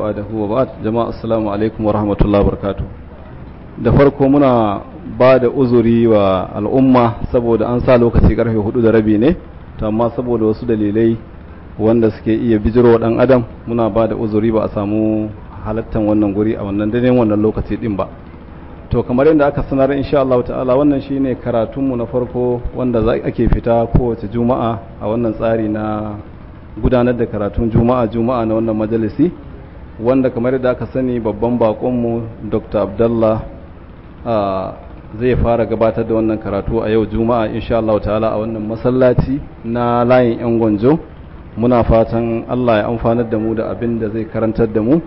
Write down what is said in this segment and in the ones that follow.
ba'dahu wa ba'd jama'a assalamu alaikum wa rahmatullahi barakatuh da farko muna ba da uzuri wa al'umma saboda an sa lokaci karfe hudu da rabi ne to amma saboda wasu dalilai wanda suke iya bijiro dan adam muna ba da uzuri ba a samu halattan wannan guri a wannan dane wannan lokaci din ba to kamar yadda aka sanar insha Allah ta'ala wannan shine karatunmu na farko wanda za ake fita kowace juma'a a wannan tsari na gudanar da karatun juma'a juma'a na wannan majalisi wanda kamar da aka sani babban bakonmu dr abdullah zai fara gabatar da wannan karatu a yau juma'a insha Allah ta'ala a wannan masallaci na layin yan gwanjo muna fatan Allah ya amfanar da mu da abin da zai karantar da mu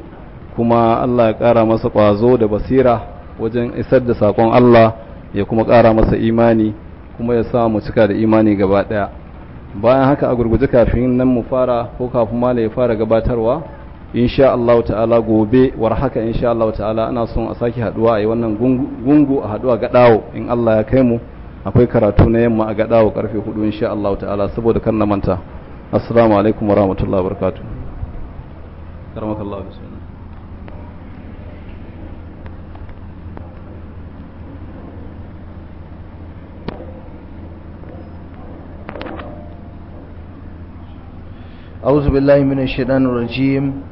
kuma Allah ya kara masa ƙwazo da basira wajen isar da sakon Allah ya kuma kara masa imani kuma ya sa mu cika da imani gaba ɗaya bayan haka a gurguje kafin nan mu fara ko kafin mala ya fara gabatarwa insha Allah ta'ala gobe war haka insha Allah ta'ala ana son a sake haduwa a yi wannan gungu a haduwa ga dawo in Allah ya kai mu akwai karatu na yamma a ga dawo karfe 4 insha Allah ta'ala saboda kan na manta assalamu alaikum warahmatullahi wabarakatuh wa barakatuh karamakallahu bismillah أعوذ بالله من الشيطان الرجيم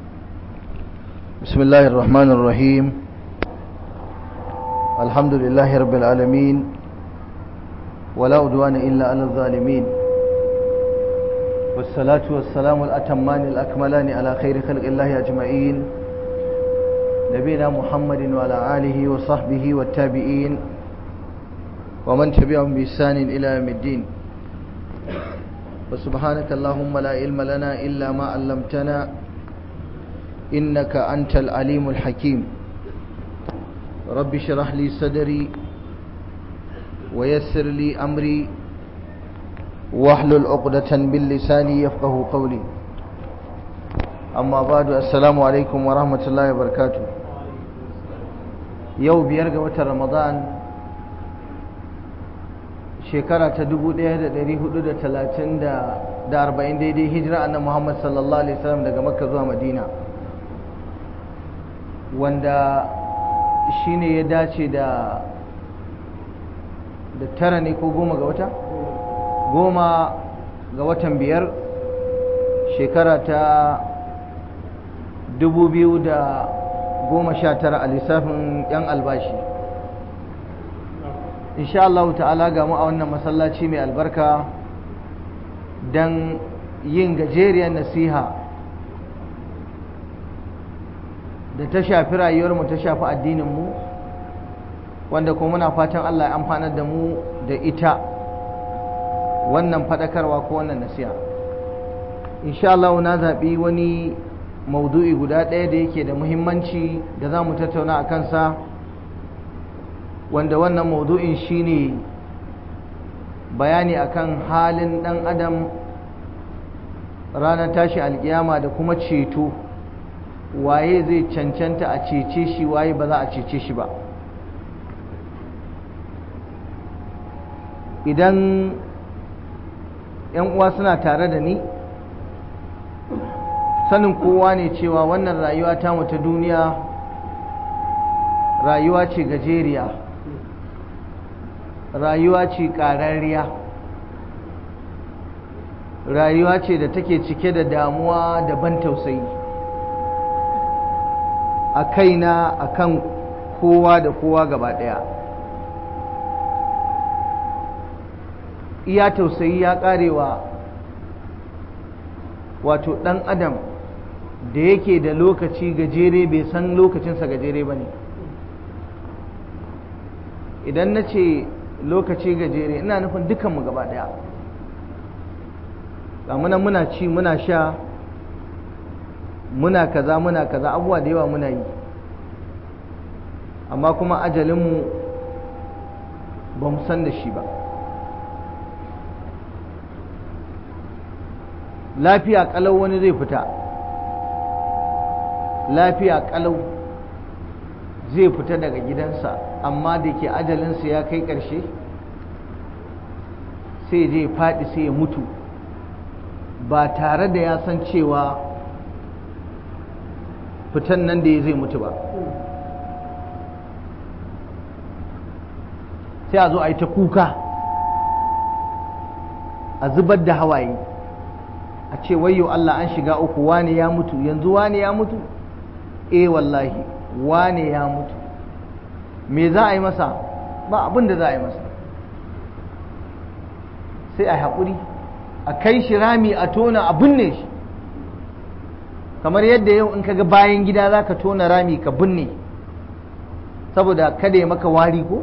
بسم الله الرحمن الرحيم الحمد لله رب العالمين ولا أدوان إلا على الظالمين والصلاة والسلام الأتمان الأكملان على خير خلق الله أجمعين نبينا محمد وعلى آله وصحبه والتابعين ومن تبعهم بإحسان إلى يوم الدين وسبحانك اللهم لا علم لنا إلا ما علمتنا إنك أنت العليم الحكيم رب شرح لي صدري ويسر لي أمري واحلل عقدة من لساني يفقه قولي أما بعد السلام عليكم ورحمة الله وبركاته يوم بيرجع رمضان shekara ta 1440 daidai hijira annabi Muhammad sallallahu alaihi wasallam daga Makka zuwa Madina wanda shi ne ya dace da da tara ne ko goma ga wata goma ga watan biyar shekara ta dubu da goma sha tara a lissafin yan albashi insha Allah ta'ala gamu a wannan masallaci mai albarka don yin gajeriyar nasiha da ta shafi rayuwarmu ta shafi addininmu wanda kuma muna fatan Allah ya amfanar da mu da ita wannan faɗakarwa ko wannan nasiha insha na zaɓi wani maudu'i guda ɗaya da yake da muhimmanci da za mu tattauna a kansa wanda wannan maudu'in shine bayani akan halin ɗan adam ranar tashi alkiyama da kuma ceto waye zai cancanta a cece shi waye ba za a cece shi ba idan yan uwa suna tare da ni sanin kowa ne cewa wannan rayuwa ta ta duniya rayuwa ce gajeriya rayuwa ce ƙarariya rayuwa ce da take cike da damuwa da ban tausayi a kaina a kan kowa da kowa gaba ɗaya iya tausayi ya ƙarewa wato ɗan adam da yake da lokaci gajere bai san lokacinsa gajere ba ne idan na ce lokaci gajere ina nufin dukanmu gaba ɗaya ga muna ci muna sha muna kaza muna kaza abuwa da yawa muna yi amma kuma ajalinmu ba mu san da shi ba lafiya kalau wani zai fita lafiya kalau zai fita daga gidansa amma da ke ajalinsa ya kai ƙarshe sai zai faɗi sai ya mutu ba tare da ya san cewa fitan nan da ya zai mutu ba sai a zo a yi ta kuka a zubar da hawaye a ce wayo Allah an shiga uku wane ya mutu yanzu wane ya mutu eh wallahi wane ya mutu me za a yi masa ba abin da za a yi masa sai a haƙuri a kai shi rami a tona a binne shi kamar yadda yau in ga bayan gida za ka tona rami ka binne saboda kada ya maka wari ko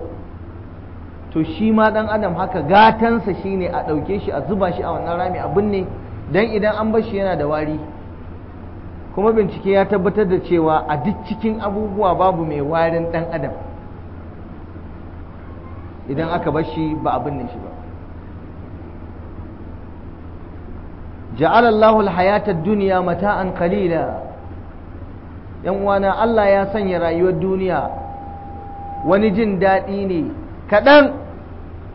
to shi ma dan adam haka gatansa shine a ɗauke shi a zuba shi a wannan rami a binne dan idan an bar shi yana da wari kuma bincike ya tabbatar da cewa a duk cikin abubuwa babu mai warin dan adam idan aka bar shi ba a binne shi ba ja'ala Allahu duniya hayata ad yan uwana Allah ya sanya rayuwar duniya wani jin daɗi ne kaɗan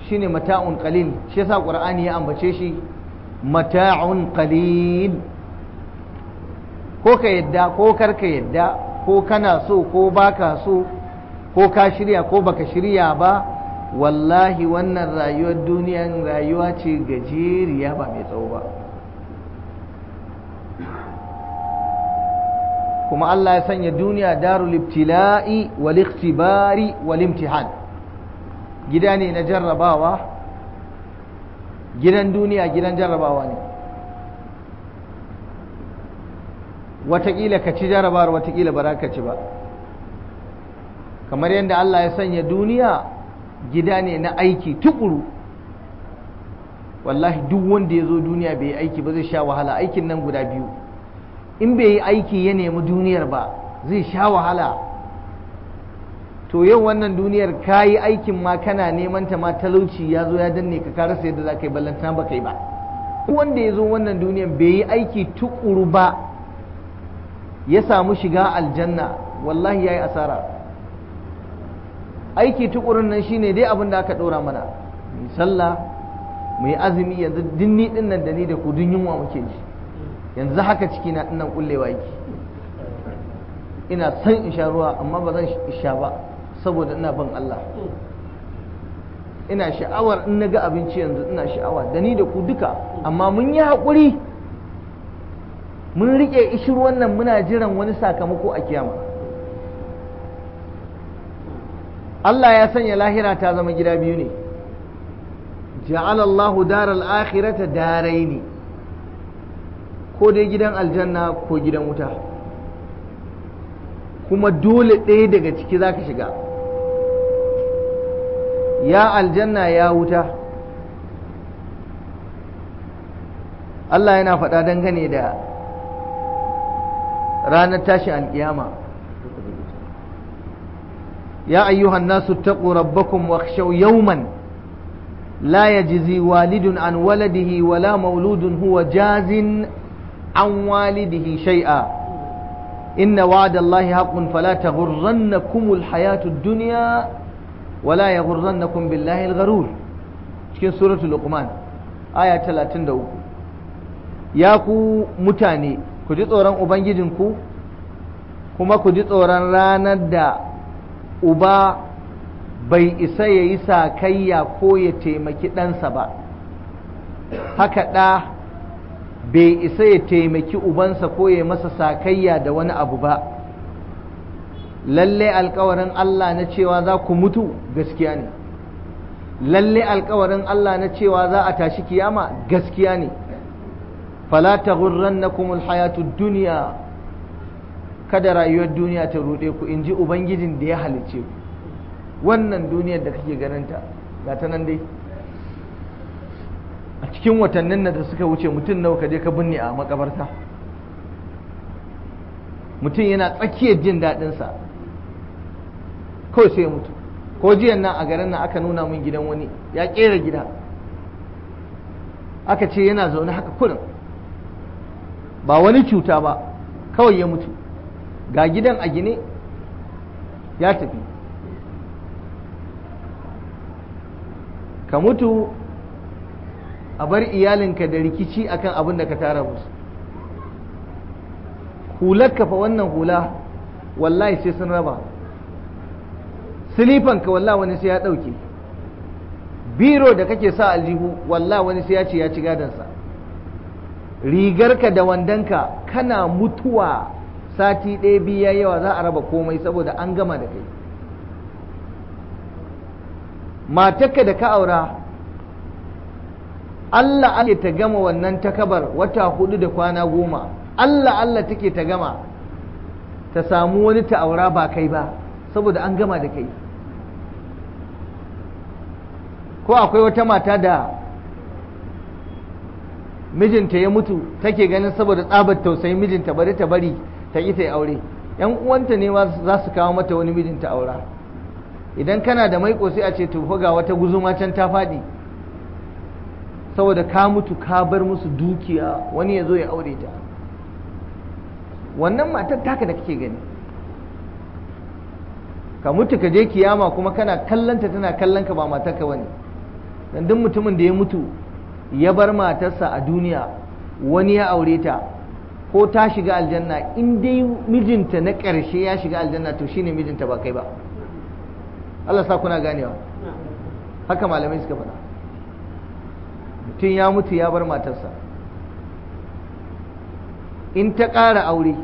shine mata'un qalil shi yasa Qur'ani ya ambace shi mata'un qalil ko ka yadda ko karka yadda ko kana so ko baka so ko ka shirya ko baka shirya ba wallahi wannan rayuwar duniya rayuwa ce gajeriya ba mai tsawo ba kuma Allah ya sanya duniya darul ibtila'i wal ikhtibari wal imtihan gida ne na jarrabawa gidan duniya gidan jarrabawa ne watakila ka ci jarrabawar watakila ba za ka ci ba kamar yadda Allah ya sanya duniya gida ne na aiki tukuru wallahi duk wanda ya zo duniya bai aiki ba zai sha wahala aikin nan guda biyu in bai yi aiki ya nemi duniyar ba zai sha wahala to yau wannan duniyar ka yi aikin ma kana neman ta ma talauci ya zo ya danne ka ka rasa yadda za ka yi ballanta ba kai ba wanda ya zo wannan duniyar bai yi aiki tukuru ba ya samu shiga aljanna wallahi ya yi asara aiki tukurun nan shine dai abin da aka ɗora mana mai sallah mai azumi yanzu dinni ɗin nan da ni da ku dun yunwa muke ji yanzu haka ciki na ina kullewa yake ina son in sha ruwa amma ba zan sha ba saboda ina ban Allah ina sha'awar in na ga abinci yanzu ina sha'awa da ni da ku duka amma mun yi haƙuri mun riƙe ishir wannan muna jiran wani sakamako a kiyama Allah ya sanya lahira ta zama gida biyu ne ja'alallahu daral akhirata daraini ko dai gidan aljanna ko gidan wuta kuma dole ɗaya daga ciki za ka shiga ya aljanna ya wuta Allah yana faɗa dangane da ranar tashi alƙiyama ya ayyuhan nasu taqu rabbakum yau man. la ya jizi, walidun an waladihi wala mauludun huwa jazin an walidihi shay'a inna wa'dallahi haqqun fala taghurrannakumul hayatud dunya wala yaghurrannakum billahi al-gharur cikin suratul luqman aya 33 ya ku mutane ku ji tsoron ubangijinku kuma ku ji tsoron ranar da uba bai isa ya yi sakayya ko ya taimaki ɗansa ba haka ɗa bai isa ya taimaki ubansa ko ya masa sakayya da wani abu ba lalle alkawarin Allah na cewa za ku mutu gaskiya ne lalle alkawarin Allah na cewa za a tashi kiyama gaskiya ne fala taghurrannakum alhayatud duniya. kada rayuwar duniya ta rude ku in ji ubangijin da ya halice ku wannan duniyar da kake ta ga ta nan dai a cikin watannin da suka wuce mutum nawa ka je ka binne a makabarta mutum yana tsakiyar jin daɗinsa kawai sai mutu ko jiyan nan a garin na aka nuna min gidan wani ya ƙera gida aka ce yana zaune haka kurin ba wani cuta ba kawai ya mutu ga gidan a gine ya tafi ka mutu a bar iyalinka da rikici akan abin da ka tara musu hularka fa wannan hula wallahi sai sun raba silifanka wallahi wani sai ya ɗauke biro da kake sa aljihu wallahi wani sai ya ce ya ci gadansa rigarka da wandanka kana mutuwa sati ɗaya biya yawa za a raba komai saboda an gama da kai matarka da ka aura Allah ake ta gama wannan takabar wata hudu da kwana goma Allah Allah take ta gama ta samu wani ta'aura ba kai ba saboda an gama da kai ko akwai wata mata da mijinta ya mutu take ganin saboda tsabar tausayin mijinta bari ta bari ta yi ta yi aure yan uwanta ne za su kawo mata wani mijinta aura idan kana da maiƙo sai a ce to ga wata guzuma can ta faɗi saboda ka mutu ka bar musu dukiya wani ya zo ya aure ta wannan matar taka da kake gani ka mutu ka je kiyama kuma kana kallanta tana kallon ka ba matarka wani dan mutumin da ya mutu ya bar matarsa a duniya wani ya aure ta ko ta shiga aljanna in dai mijinta na ƙarshe ya shiga aljanna to shine mijinta ba kai ba Allah sa kuna ganewa haka malamai suka faɗa mutum ya mutu ya bar matarsa in ta ƙara aure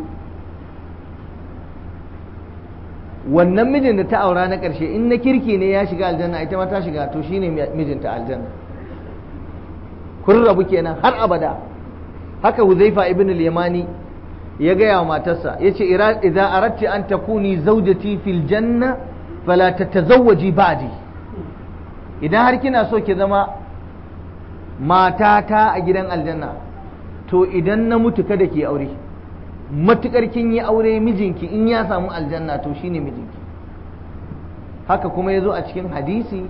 wannan mijin da ta aura na ƙarshe in na kirki ne ya shiga aljanna ita ma ta shiga to shine mijinta aljanna kun rabu kenan har abada haka huzaifa ibn al-yamani ya gaya wa matarsa ya ce idza aradti an takuni zawjati fil janna fala tatazawwaji ba'di idan har kina so ki zama matata a gidan aljanna to idan na mutu kada ki aure matukar kin yi aure mijinki in ya samu aljanna to shine mijinki haka kuma ya zo a cikin hadisi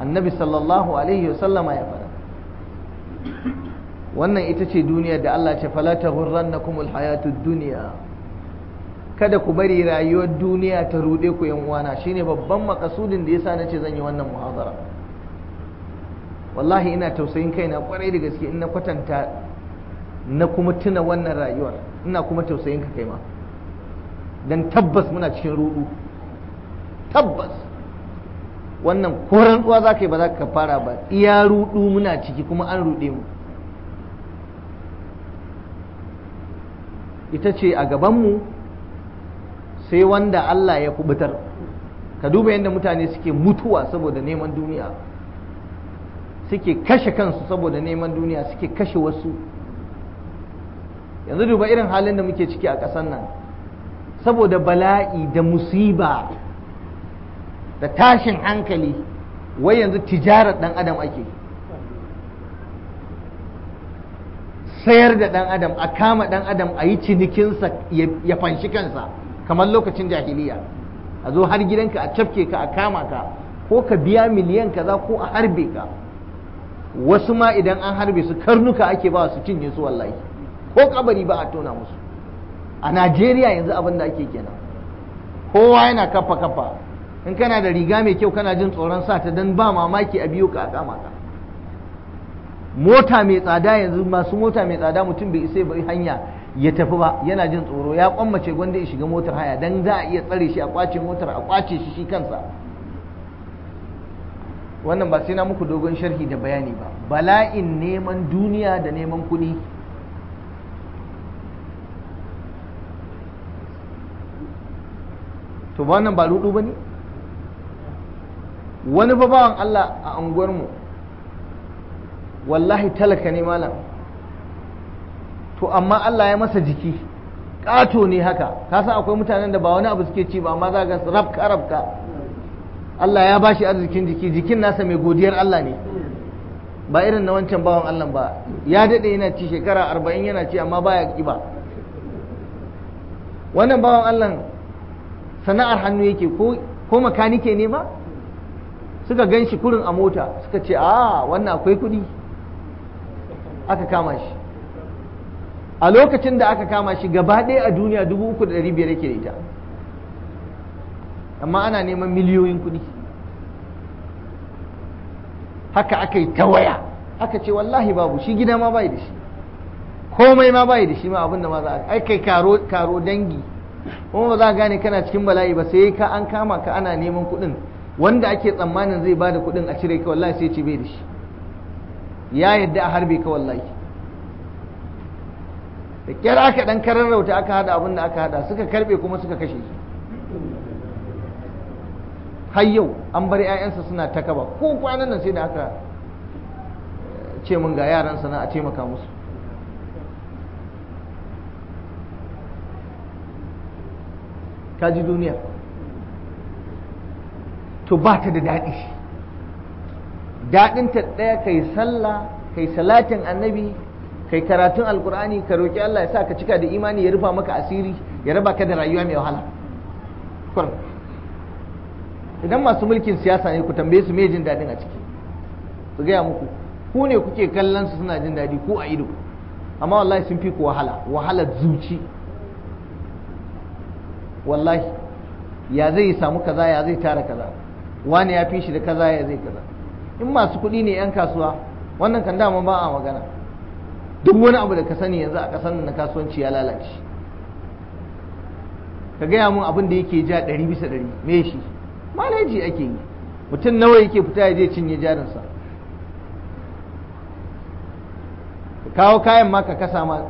annabi sallallahu alaihi wasallama ya faɗa wannan ita ce duniya da Allah ce falata kuma alhayatud duniya. kada ku bari rayuwar duniya ta rude ku yan uwana shine babban makasudin da yasa ce zan yi wannan muhazara. wallahi ina tausayin kaina kwarai da gaske Ina kwatanta na kuma tuna wannan rayuwar ina kuma tausayin ka kai ma don tabbas muna cikin rudu tabbas wannan koran tsuwa za ka yi ba za ka fara ba iya rudu muna ciki kuma an rude mu ita ce a gabanmu sai wanda Allah ya kubutar ka duba yadda mutane suke mutuwa saboda neman duniya suke kashe kansu saboda neman duniya suke kashe wasu yanzu duba irin halin da muke ciki a ƙasar nan saboda bala'i da musiba da tashin hankali wai yanzu tijarar ɗan adam ake sayar da ɗan adam a kama ɗan adam a yi cinikinsa ya fanshi kansa kamar lokacin jahiliya a zo har gidanka a cafke ka a kama ka ko ka biya miliyan kaza ko a harbe ka wasu ma idan an harbe su karnuka ake ba su cinye su wallahi ko kabari ba a tona musu a najeriya yanzu abin da ake kenan kowa yana kafa kafa in kana da riga mai kyau kana jin tsoron sa ta dan ba mamaki a biyo ka kama ka mota mai tsada yanzu masu mota mai tsada mutum bai isa bai hanya ya tafi ba yana jin tsoro ya kwammace gwanda ya shiga motar haya dan za a iya tsare shi a kwace motar a kwace shi shi kansa wannan ba sai na muku dogon sharhi da bayani ba bala'in neman duniya da neman kuni, to wannan ba rudu ba ne wani babawan Allah a unguwarmu wallahi talaka ne malam to amma Allah ya masa jiki ƙato ne haka kasan akwai mutanen da ba wani abu suke ci ba amma za ga rabka rabka Allah ya bashi arzikin jiki jikin nasa mai godiyar Allah ne ba irin na wancan bawan Allah ba ya daɗe yana ci shekara arba'in yana ci amma baya ba wannan bawan Allah sana'ar hannu yake ko makanike ne ma suka gan shi kurin a mota suka ce a wannan akwai kuɗi aka kama shi a lokacin da aka kama shi gaba ɗaya a duniya dubu uku da ɗari biyar yake da ita amma ana neman miliyoyin kuɗi haka aka yi ta waya aka ce wallahi babu shi gida ma bai da shi komai ma bai da shi ma abin da ma za a ai kai karo karo dangi kuma ba za ka gane kana cikin bala'i ba sai ka an kama ka ana neman kuɗin wanda ake tsammanin zai bada kuɗin a cire ka wallahi sai ce bai da shi ya yadda a harbe ka wallahi da kyar aka dan karar aka hada abin da aka hada suka karbe kuma suka kashe shi har yau an bar 'ya'yansa suna ta kaba ko kwanan nan sai da aka eh, ce mun ga yaransa na a taimaka musu kaji duniya to ba ta da daɗi daɗinta ɗaya kai sallah kai salatin annabi kai karatun alkur'ani ka roƙi Allah ya sa ka cika da imani ya rufa maka asiri ya raba ka da rayuwa mai wahala idan masu mulkin siyasa ne ku tambaye su me jin dadin a ciki su gaya muku ku ne kuke kallon su suna jin dadi ko a ido amma wallahi sun fi ku wahala wahala zuci wallahi ya zai samu kaza ya zai tara kaza wani ya fi shi da kaza ya zai kaza in masu kuɗi ne 'yan kasuwa wannan kan dama ba a magana duk wani abu da ka sani yanzu a ƙasar na kasuwanci ya lalace ka gaya mun abin da yake ja ɗari bisa ɗari me shi malaji ake yi mutum nawa yake fita ya je cinye jarinsa ka kawo kayan ma ka kasa ma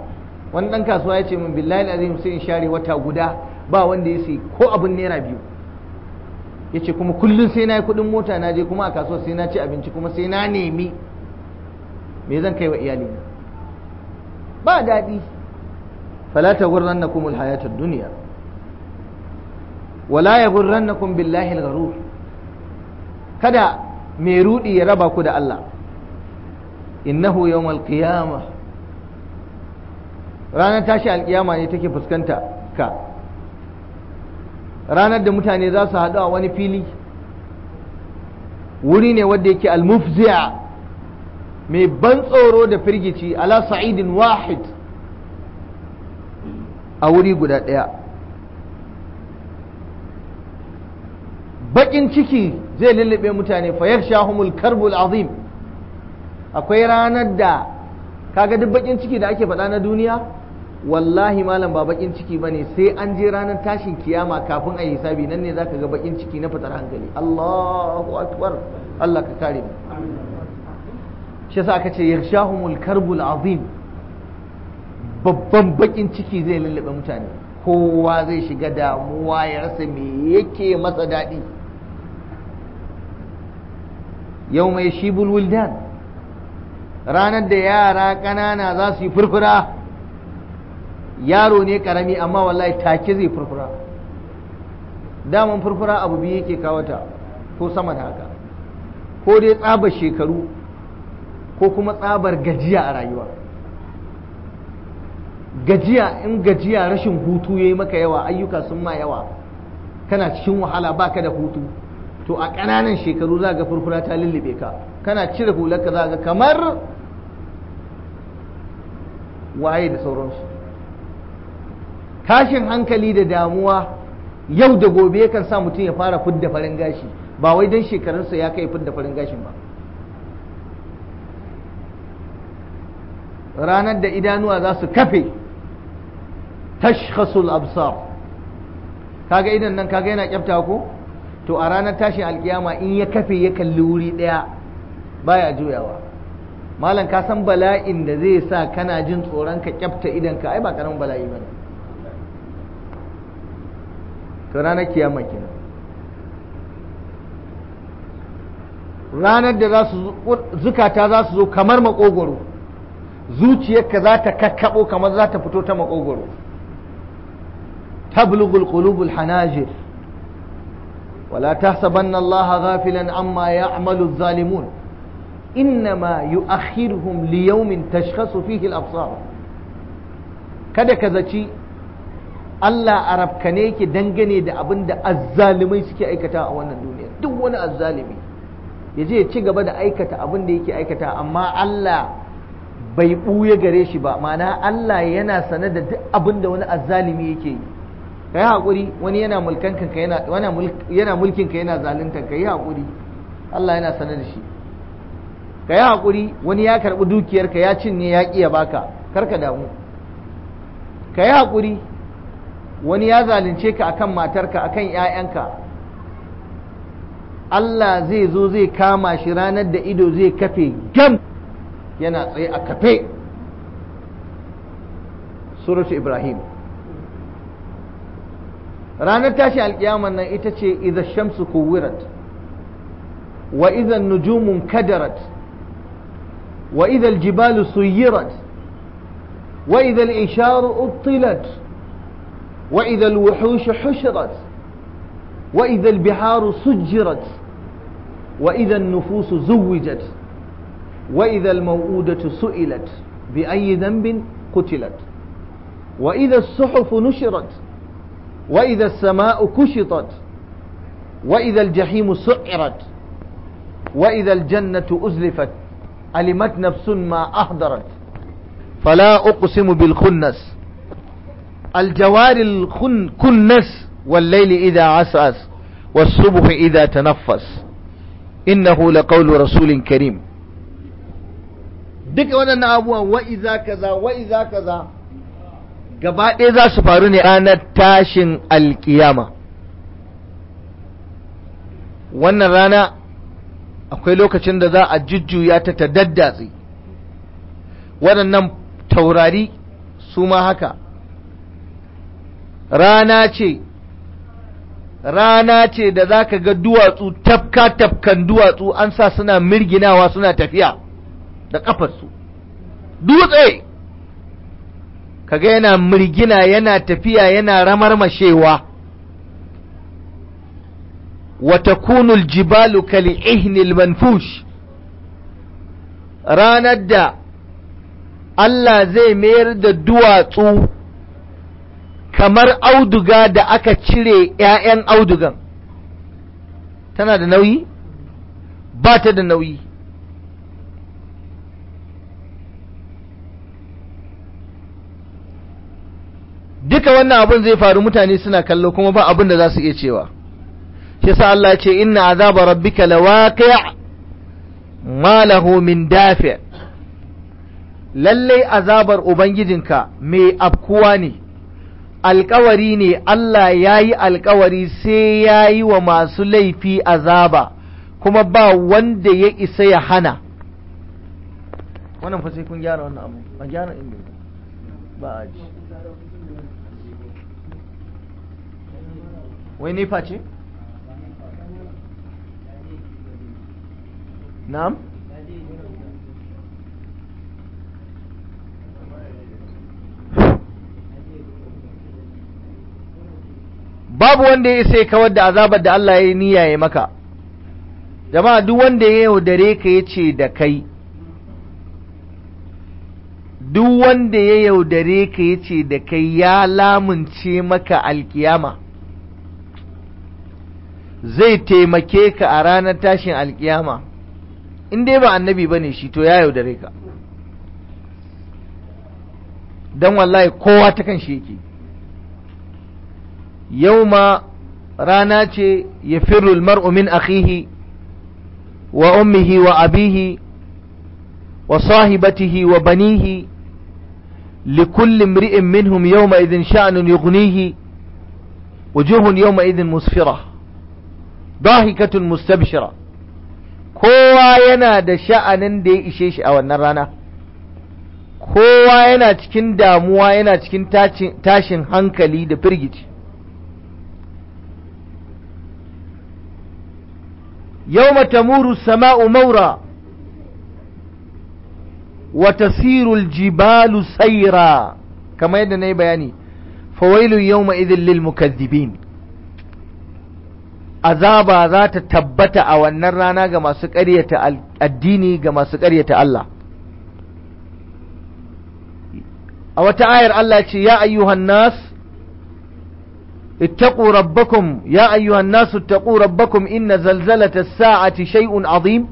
wani ɗan kasuwa ya ce min billahi azim sai in share wata guda ba wanda ya sai ko abin naira biyu ya ce kuma kullum sai na yi kudin mota na je kuma a kasuwa sai na ci abinci kuma sai na nemi me zan kai wa iyali ba daɗi Falata ta na koma hayatar duniya wala yaghurrannakum billahi al kada mai rudi ya raba ku da Allah innahu yawmal qiyamah ranar tashi alkiyama ne take fuskanta ka ranar da mutane za su haɗu a wani fili wuri ne wadda yake almufzi'a mai ban tsoro da firgici ala sa'idin wahid a wuri guda ɗaya bakin ciki zai lullube mutane fa yakhshahumul karbul azim akwai ranar da kaga duk bakin ciki da ake faɗa na duniya wallahi malam ba bakin ciki bane sai an je ranar tashin kiyama kafin a yi hisabi nan ne zaka ga bakin ciki na fitar hankali Allahu akbar Allah ka kare mu shi yasa aka ce yakhshahumul karbul azim babban bakin ciki zai lullube mutane kowa zai shiga damuwa ya rasa me yake masa daɗi yau mai shibul wildan ranar da yara ƙanana za su yi furfura yaro ne ƙarami amma wallahi take zai furfura daman furfura abu biyu yake kawata ko sama da haka ko dai tsabar shekaru ko kuma tsabar gajiya a rayuwa gajiya in gajiya rashin hutu ya yi maka yawa ayyuka sun ma yawa kana cikin wahala baka da hutu to a ƙananan shekaru za ga furfura ta lullube ka kana cire hularka za ga kamar waye da sauransu tashin hankali da damuwa yau da gobe kan sa mutum ya fara fidda farin gashi ba wai don shekarunsa ya kai fidda farin gashin ba ranar da idanuwa za su kafe tashkhasul absar kaga idan nan kaga yana kyafta ko to a ranar tashin alkiyama in ya kafe ya kalli wuri ɗaya baya juyawa malam ka san bala'in da zai sa kana jin tsoron ka kyafta idan ka ai ba karamin bala'i ne. to ranar kiyama kenan ranar da za su zukata za su zo kamar makogoro zuciyarka za ta kakkaɓo kamar za ta fito ta makogoro tablugul qulubul hanajir ولا تحسبن الله غافلا عما يعمل الظالمون إنما يؤخرهم ليوم تشخص فيه الأبصار kada ka zaci Allah arabkane yake dangane da abin da azzalimai suke aikata a wannan duniya duk wani azzalimi ya je ya ci gaba da aikata abin da yake aikata amma Allah bai ɓuya gare shi ba ma'ana Allah yana sane da duk abin da wani azzalimi yake yi Ka yi hakuri wani yana mulkan ka yana yana ka yana hakuri Allah yana sanar da shi kai hakuri wani ya karɓi dukiyar ka ya cinye ya kiya baka kar ka damu ka yi hakuri wani ya zalunce ka akan matarka akan yayanka Allah zai zo zai kama shi ranar da ido zai kafe gam yana tsaye a kafe suratu ibrahim ranar tashi alkiyaman nan ita ce idza shamsu kuwirat wa idza nujumun kadarat wa idza aljibalu suyirat wa idza al-isharu uttilat wa idza al-wuhush hushirat wa idza al-biharu sujjirat wa idza an-nufus zuwijat wa idza al-maw'udatu su'ilat bi ayyi dhanbin qutilat wa idza as-suhuf nushirat وإذا السماء كشطت وإذا الجحيم سعرت وإذا الجنة أزلفت علمت نفس ما أحضرت فلا أقسم بالخنس الجوار الكنس والليل إذا عسعس والصبح إذا تنفس إنه لقول رسول كريم دك ودنا أبوه وإذا كذا وإذا كذا gaba ɗaya za su faru ne ranar tashin alkiyama wannan rana akwai lokacin da za a jujjuya ta ta daddatsi waɗannan taurari su ma haka rana ce rana ce da za ka ga duwatsu tafka-tafkan duwatsu an sa suna mirginawa suna tafiya da ƙafarsu dutse kaga yana mirgina yana tafiya yana ramarmashewa wa takunu aljibalu kal manfush ranar da Allah zai mayar da duwatsu kamar auduga da aka cire ‘ya'yan audugan tana da nauyi? ba ta da nauyi duka wannan abin zai faru mutane suna kallo kuma ba abin da za su iya cewa shi sa Allah ce inna azaba rabbika lawaqi' ma lahu min dafi' lalle azabar ubangijinka mai afkuwa ne alkawari ne Allah yayi alkawari sai yayi wa masu laifi azaba kuma ba wanda ya isa ya hana wannan fa sai kun gyara wannan abu a gyara inda ba a ji wai nifa ce? na'am? babu wanda ya sai kawar da azabar da Allah ya yi niyya ya maka jama'a duk wanda ya yaudare ka ya ce da kai duk wanda ya yaudare ka ya ce da kai ya lamunce maka alkiyama zai taimake ka a ranar tashin alkiyama in dai ba annabi ba ne shi to ya yaudare ka don wallahi kowa ta kan shi yau ma rana ce ya firul mar'umin akihi wa ummihi wa abihi wa sahibatihi wa banihi sha'anun امرئ gunihi, يومئذ شأن yau ma idin musfira dahikatun mustabshira kowa yana da sha'anin da ya ishe shi a wannan rana kowa yana cikin damuwa yana cikin tashin hankali da firgici yawma tamuru sama'u maura wa tasiru Jibalu sayra kamar yadda yi bayani fawailun yawma idhil lil mukaththibin azaba za ta tabbata a wannan rana ga masu ƙaryata addini ga masu ƙaryata Allah a wata ayar Allah ce ya ayyuhan nas ittaqu rabbakum ya ayyuhan nas ittaqu rabbakum inna zalzalata as-sa'ati shay'un 'azim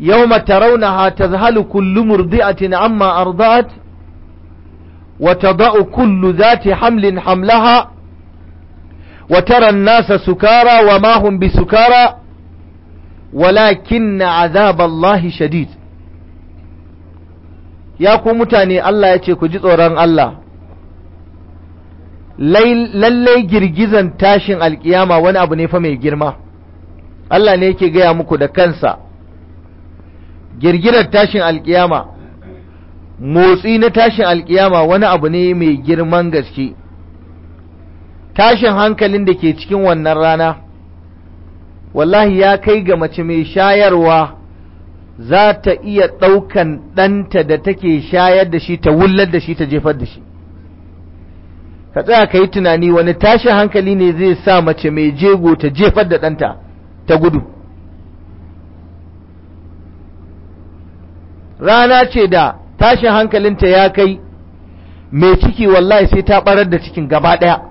yawma tarawnaha tadhhalu kullu murdi'atin 'amma arda'at wa tada'u kullu dhati hamlin hamlaha وترى الناس سكارى وما هم بسكارى ولكن عذاب الله شديد ya ku mutane Allah ya ce ku ji tsoron Allah lallai girgizan tashin alkiyama wani abu ne fa mai girma Allah ne yake gaya muku da kansa girgizar tashin alkiyama motsi na tashin alkiyama wani abu ne mai girman gaske tashin hankalin da ke cikin wannan rana wallahi ya kai ga mace mai shayarwa za ta iya ɗaukan ɗanta da take shayar da shi ta wullar da shi ta jefar da shi ka tsaya ka yi tunani wani tashin hankali ne zai sa mace mai jego ta jefar da ɗanta ta gudu rana ce da tashin hankalinta ya kai mai ciki wallahi sai ta ɓarar da cikin gaba ɗaya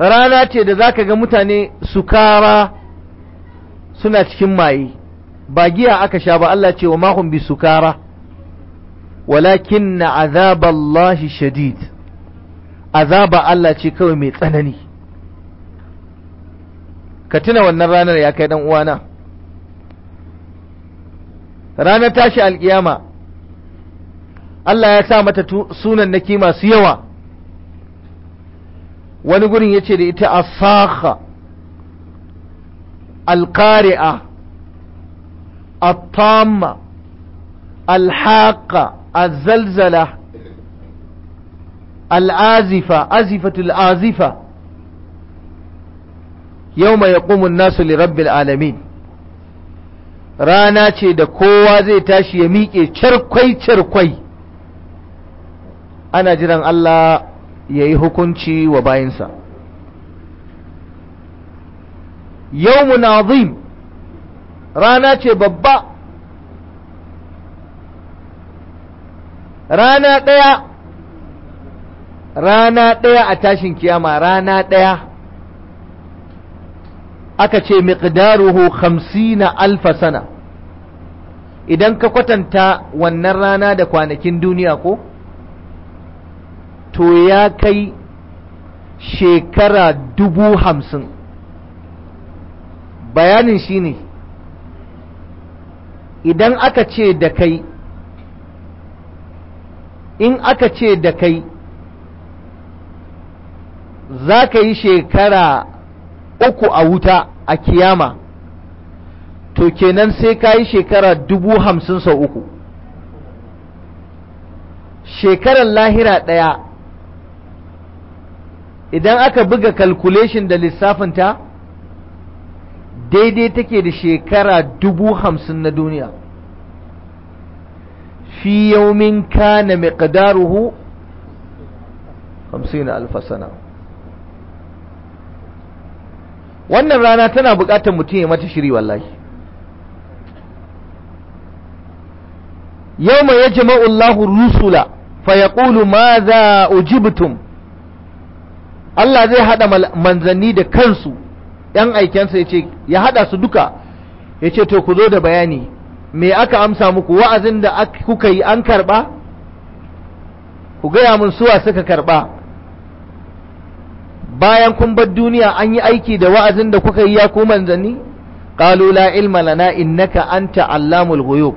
rana ce da zaka ga mutane sukara suna cikin maye ba giya aka sha ba Allah ce wa mahum bi sukara walakinna azaballahi shadid azaba Allah ce kawai mai tsanani ka tuna wannan ranar ya kai dan uwana ranar tashi alkiyama Allah ya sa mata sunan naki masu yawa wani gurin ya ce da ita a saha alƙari'a a tamma alhaƙa a zalzala al’azifa azifatul azifa yau mai ƙumun nasu lirabbin alamin rana ce da kowa zai tashi ya miƙe cirkwai-cirkwai ana jiran Allah ya yi hukunci wa bayansa yau azim rana ce babba rana ɗaya rana ɗaya a tashin kiyama rana ɗaya aka ce miqdaruhu khamsina alfa sana idan ka kwatanta wannan rana da kwanakin duniya ko to ya kai shekara dubu hamsin bayanin shi ne idan aka ce da kai in aka ce da kai za ka yi shekara uku a wuta a kiyama to kenan sai ka yi shekara dubu hamsin sau uku shekarar lahira ɗaya idan aka buga calculation da lissafinta daidai take da shekara dubu hamsin na duniya fi yaumin kana hu, hamsin na alfasana. wannan rana tana bukatar mutum ya mata shiri wallahi Yau mai yajma'u Allahu rusula fa yaqulu madha ujibtum Allah zai haɗa manzanni da kansu ‘yan aikensa ya ce ya haɗa su duka ya ce to ku zo da bayani me aka amsa muku wa'azin da kuka yi an karɓa ku gaya mun suwa suka karɓa bayan kun bar duniya an yi aiki da wa'azin da kuka yi ya ku manzanni qalu la ilma lana innaka anta allamul goyo,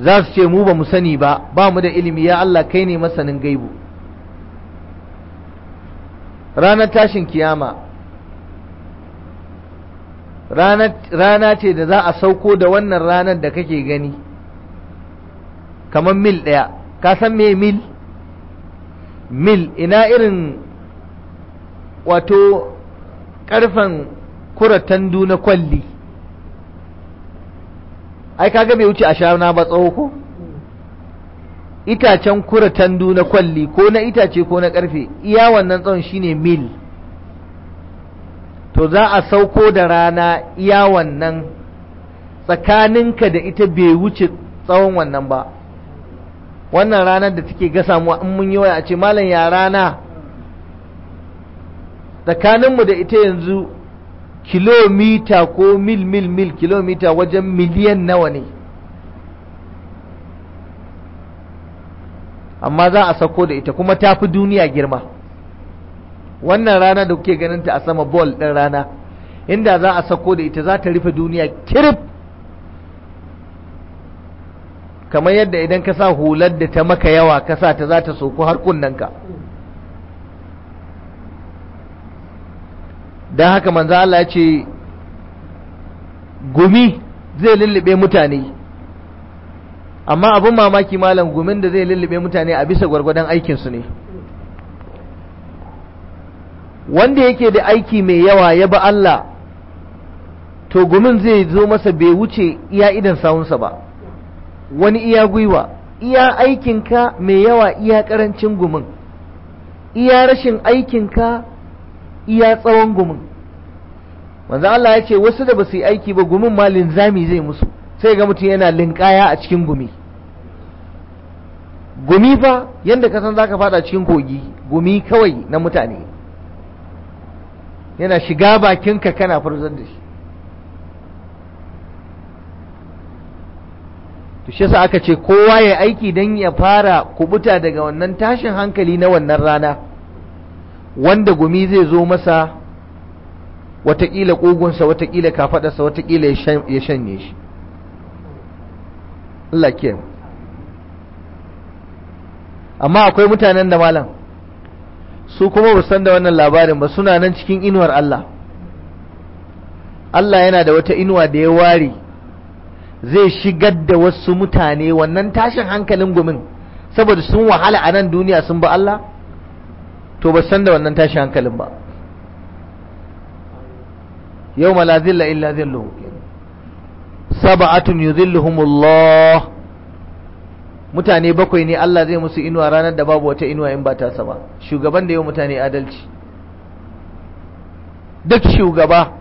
za su ce mu ba mu sani ba ba mu da ilimi ya Allah kai ne masanin gaibu ranar tashin kiyama rana ce da za a sauko da wannan ranar da kake gani kamar mil ɗaya ka san me mil mil ina irin wato ƙarfen kuratandu na kwalli ai kaga bai wuce a sha na ba tsawo ko itacen kura tandu na kwalli ko na itace ko na karfe iya wannan tsawon shine mil to za a sauko da rana iya wannan tsakaninka da ita bai wuce tsawon wannan ba wannan ranar da take gasa mu in mun yi waya a ce malam ya rana tsakaninmu da ita yanzu kilomita ko mil mil mil kilomita wajen miliyan nawa ne amma za a sako da ita kuma tafi duniya girma wannan rana da kuke ganin ta a sama ball ɗin rana inda za a sako da ita za ta rufe duniya kirif kamar yadda idan ka sa hular da ta maka yawa ka sa ta za ta soku har kunnanka don haka manzo Allah ya ce gumi zai lullube mutane amma abin mamaki malam gumin da zai lullube mutane a bisa gwargwadon aikinsu ne wanda yake da aiki mai yawa ya ba Allah to gumin zai zo masa bai wuce iya idan sawunsa ba wani iya gwiwa iya aikinka mai yawa iya karancin gumin iya rashin aikinka iya tsawon gumin manzo Allah ya ce wasu da ba su yi aiki ba gumin ma linzami zai musu sai ga mutum yana linkaya a cikin gumi gumi fa yadda ka san zaka fada cikin kogi gumi kawai na mutane yana shiga bakinka kana farzar da shi to shi yasa aka ce kowa ya aiki don ya fara kubuta daga wannan tashin hankali na wannan rana wanda gumi zai zo masa watakila ƙugunsa watakila kafaɗarsa watakila ya shanye shi Allah ke amma akwai mutanen da malam su kuma ba san da wannan labarin ba suna nan cikin inuwar Allah Allah yana da wata inuwa da ya ware zai shigar da wasu mutane wannan tashin hankalin gumin saboda sun wahala a nan duniya sun ba Allah to ba san da wannan tashin hankalin ba yau ma la zilla illa zilluhu sab'atun yuzilluhumullah mutane bakwai ne Allah zai musu inuwa ranar da babu wata inuwa in ba ta sa ba shugaban da yau mutane adalci duk shugaba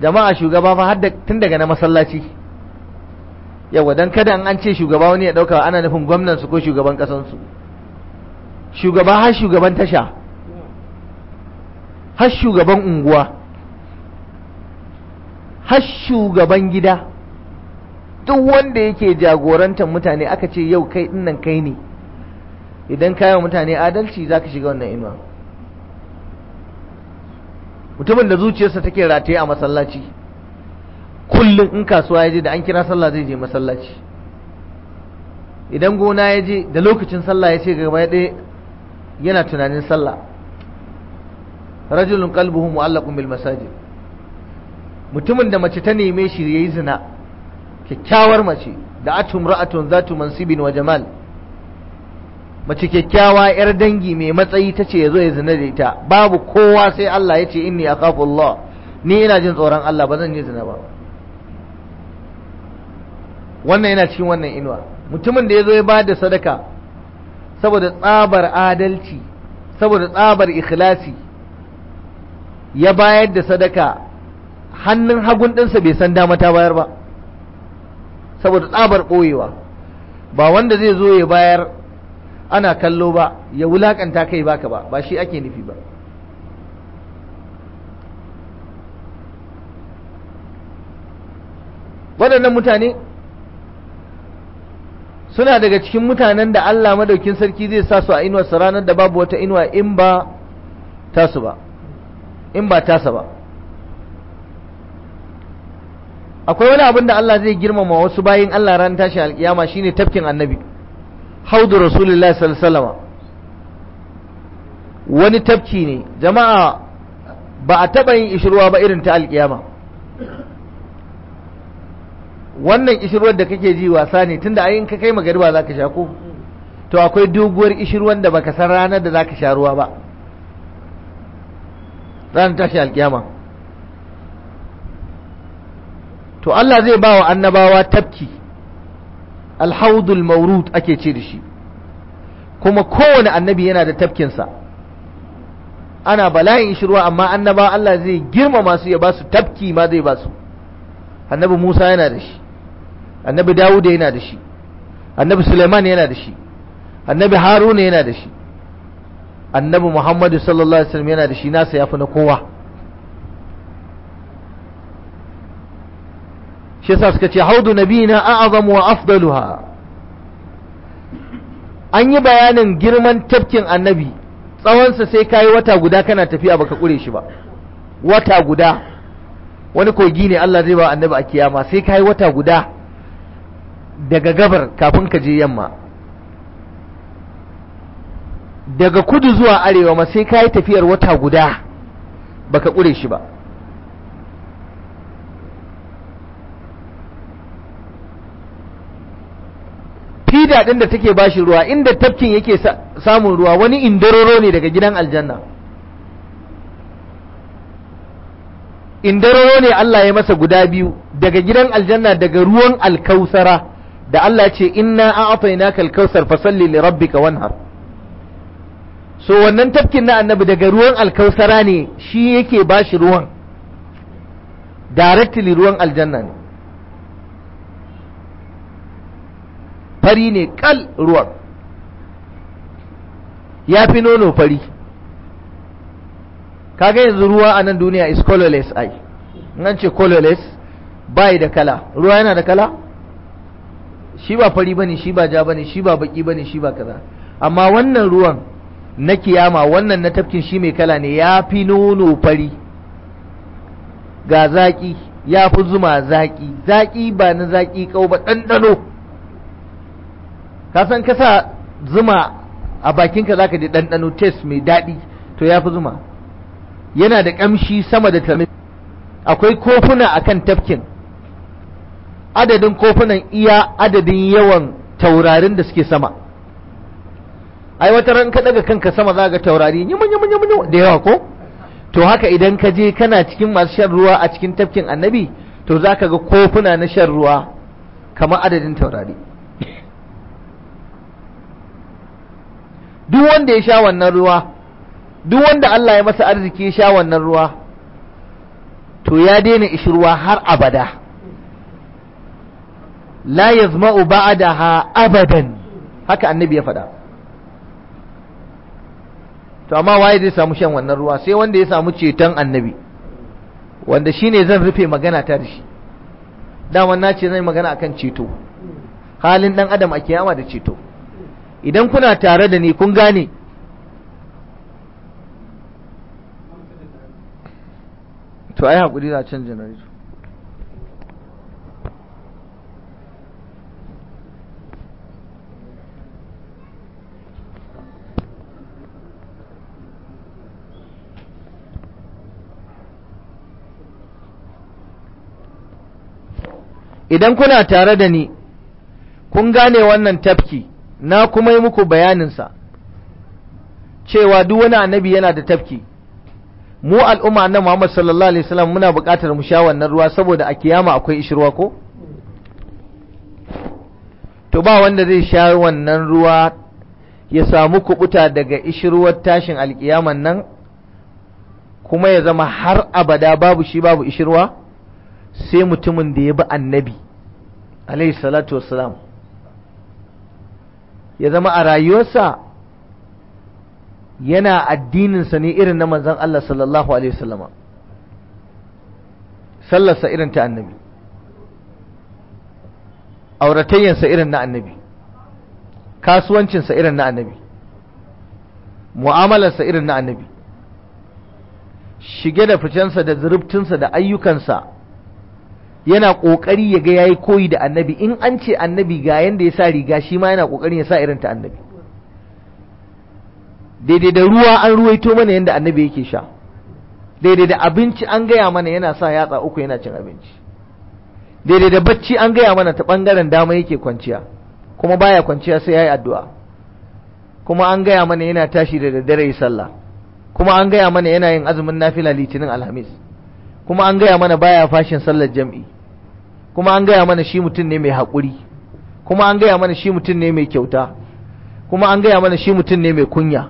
jama'a shugaba fa har tun daga na masallaci yawa dan kada an ce shugaba wani ya dauka ana nufin gwamnan su ko shugaban kasan su shugaba har shugaban tasha har shugaban unguwa har shugaban gida duk wanda yake jagorantar mutane aka ce yau kai dinnan kai ne idan kayan mutane adalci za ka shiga wannan inuwa mutumin da zuciyarsa take rataye a masallaci kullum in kasuwa ya je da an kira sallah zai je masallaci idan gona ya je da lokacin sallah ya ce gaba ɗaya yana tunanin sallah rajulun qalbuhu mu'allaqun bil masajid mutumin da mace ta neme shi yayi zina kyakkyawar mace da atum ra'atun zatu mansibin wa jamal mace kyakkyawa yar dangi mai matsayi tace yazo ya zina da ita babu kowa sai Allah yace inni aqafullah Allah ni ina jin tsoron Allah ba zan yi zina ba wannan yana cikin wannan inuwa mutumin da yazo ya bada da sadaka saboda tsabar adalci saboda tsabar ikhlasi ya bayar da sadaka hannun hagun ɗinsa bai san dama ta bayar ba saboda tsabar ɓoyewa ba wanda zai zo ya bayar ana kallo ba ya wulakanta kai baka ba ba shi ake nufi ba waɗannan mutane suna daga cikin mutanen da Allah madaukin sarki zai sa su a inuwarsa ranar da babu wata inuwa in ba tasu ba in ba tasa ba akwai wani abin da Allah zai girmama wasu bayin Allah ran tashi alkiyama shine tafkin annabi haudu rasulullahi sallallahu wani tafki ne jama'a ba a taba yin ishirwa ba irin ta alkiyama wannan ishirwar da kake ji wasa ne tunda ayin ka kai magariba zaka sha ko to akwai doguwar ishirwan da baka san ranar da zaka sha ruwa ba ran tashi alkiyama to Allah zai ba wa annabawa tafki alhaudul maurud ake ce da shi kuma kowane annabi yana da tafkinsa ana bala'in shirwa amma annabawa Allah zai girmama masu ya ba su tafki ma zai ba su annabi Musa yana da shi annabi Dawuda yana da shi annabi Suleiman yana da shi annabi Haruna yana da shi annabi Muhammadu sallallahu alaihi wasallam yana da shi nasa yafi na kowa shi sa suka ce haudu nabina a'azam wa afdaluha an yi bayanin girman tafkin annabi tsawonsa sai kayi wata guda kana tafiya baka kure shi ba wata guda wani kogi ne Allah zai ba annabi a kiyama sai kayi wata guda daga gabar kafin ka je yamma daga kudu zuwa arewa ma sai kayi tafiyar wata guda baka kure shi ba fida ɗin da take bashi ruwa inda tafkin yake samun ruwa wani indaroro ne daga gidan aljanna indaroro ne Allah ya masa guda biyu daga gidan aljanna daga ruwan alkausara da Allah ce inna a'tainaka alkausar fasalli li rabbika wanhar so wannan tafkin na annabi daga ruwan alkausara ne shi yake bashi ruwan directly ruwan aljanna ne fari ne kal ruwan ya fi nono fari kaga yanzu ruwa a nan duniya is colorless ai nan ce colorless bai da kala ruwa yana da kala shi ba fari bane shi ba ja bane shi ba baki bane shi ba kaza amma wannan ruwan na kiyama wannan na tafkin shi mai kala ne ya fi nono fari ga zaki ya fi zuma zaki zaki ba na zaki kau ba ɗanɗano Kasan san ka sa zuma a bakinka zaka ji ɗanɗano test mai daɗi to ya fi zuma yana da ƙamshi sama da tamis akwai kofuna a kan tafkin adadin kofunan iya adadin yawan taurarin da suke sama ai wata ran ka daga kanka sama za ga taurari yamma yamma yamma da yawa ko to haka idan ka je kana cikin masu shan ruwa a cikin tafkin annabi to za ka ga kofuna na shan ruwa kamar adadin taurari duk wanda ya sha wannan ruwa duk wanda Allah ya masa arziki ya sha wannan ruwa to ya daina ishirwa har abada la yazma'u ba'daha abadan haka annabi ya faɗa to amma waye zai samu shan wannan ruwa sai wanda ya samu ceton annabi wanda shine zan rufe magana ta da shi dama na ce zan magana akan ceto halin dan adam a kiyama da ceto idan kuna tare da ni kun gane to ai hakuri na can idan kuna tare da ni kun gane wannan tafki na kuma yi muku bayaninsa cewa duk wani annabi yana da tafki mu al'umma na Muhammad sallallahu alaihi wasallam muna buƙatar mu sha wannan ruwa saboda a kiyama akwai ishirwa ko to ba wanda zai sha wannan ruwa ya samu kubuta daga ishirwar tashin alkiyaman nan kuma ya zama har abada babu shi babu ishirwa sai mutumin da ya bi annabi alaihi salatu wassalam ya zama a rayuwarsa yana addininsa ne irin na manzan Allah sallallahu Alaihi wasallama sallarsa irin ta annabi auratayyansa irin na annabi kasuwancinsa irin na annabi mu'amalarsa irin na annabi shige da ficensa da zurubtinsa da ayyukansa yana kokari ya ga yayi koyi da annabi in an ce annabi ga yanda ya sa riga shi ma yana kokarin ya sa irin ta annabi daidai da ruwa an ruwaito mana yanda annabi yake sha daidai da abinci an gaya mana yana sa yatsa uku yana cin abinci daidai da bacci an gaya mana ta bangaren dama yake kwanciya kuma baya kwanciya sai yayi addu'a kuma an gaya mana yana tashi da daddare sallah kuma an gaya mana yana yin azumin nafila litinin alhamis kuma an gaya mana baya fashin sallar jam'i kuma an gaya mana shi mutum ne mai haƙuri kuma an gaya mana shi mutum ne mai kyauta kuma an gaya mana shi mutum ne mai kunya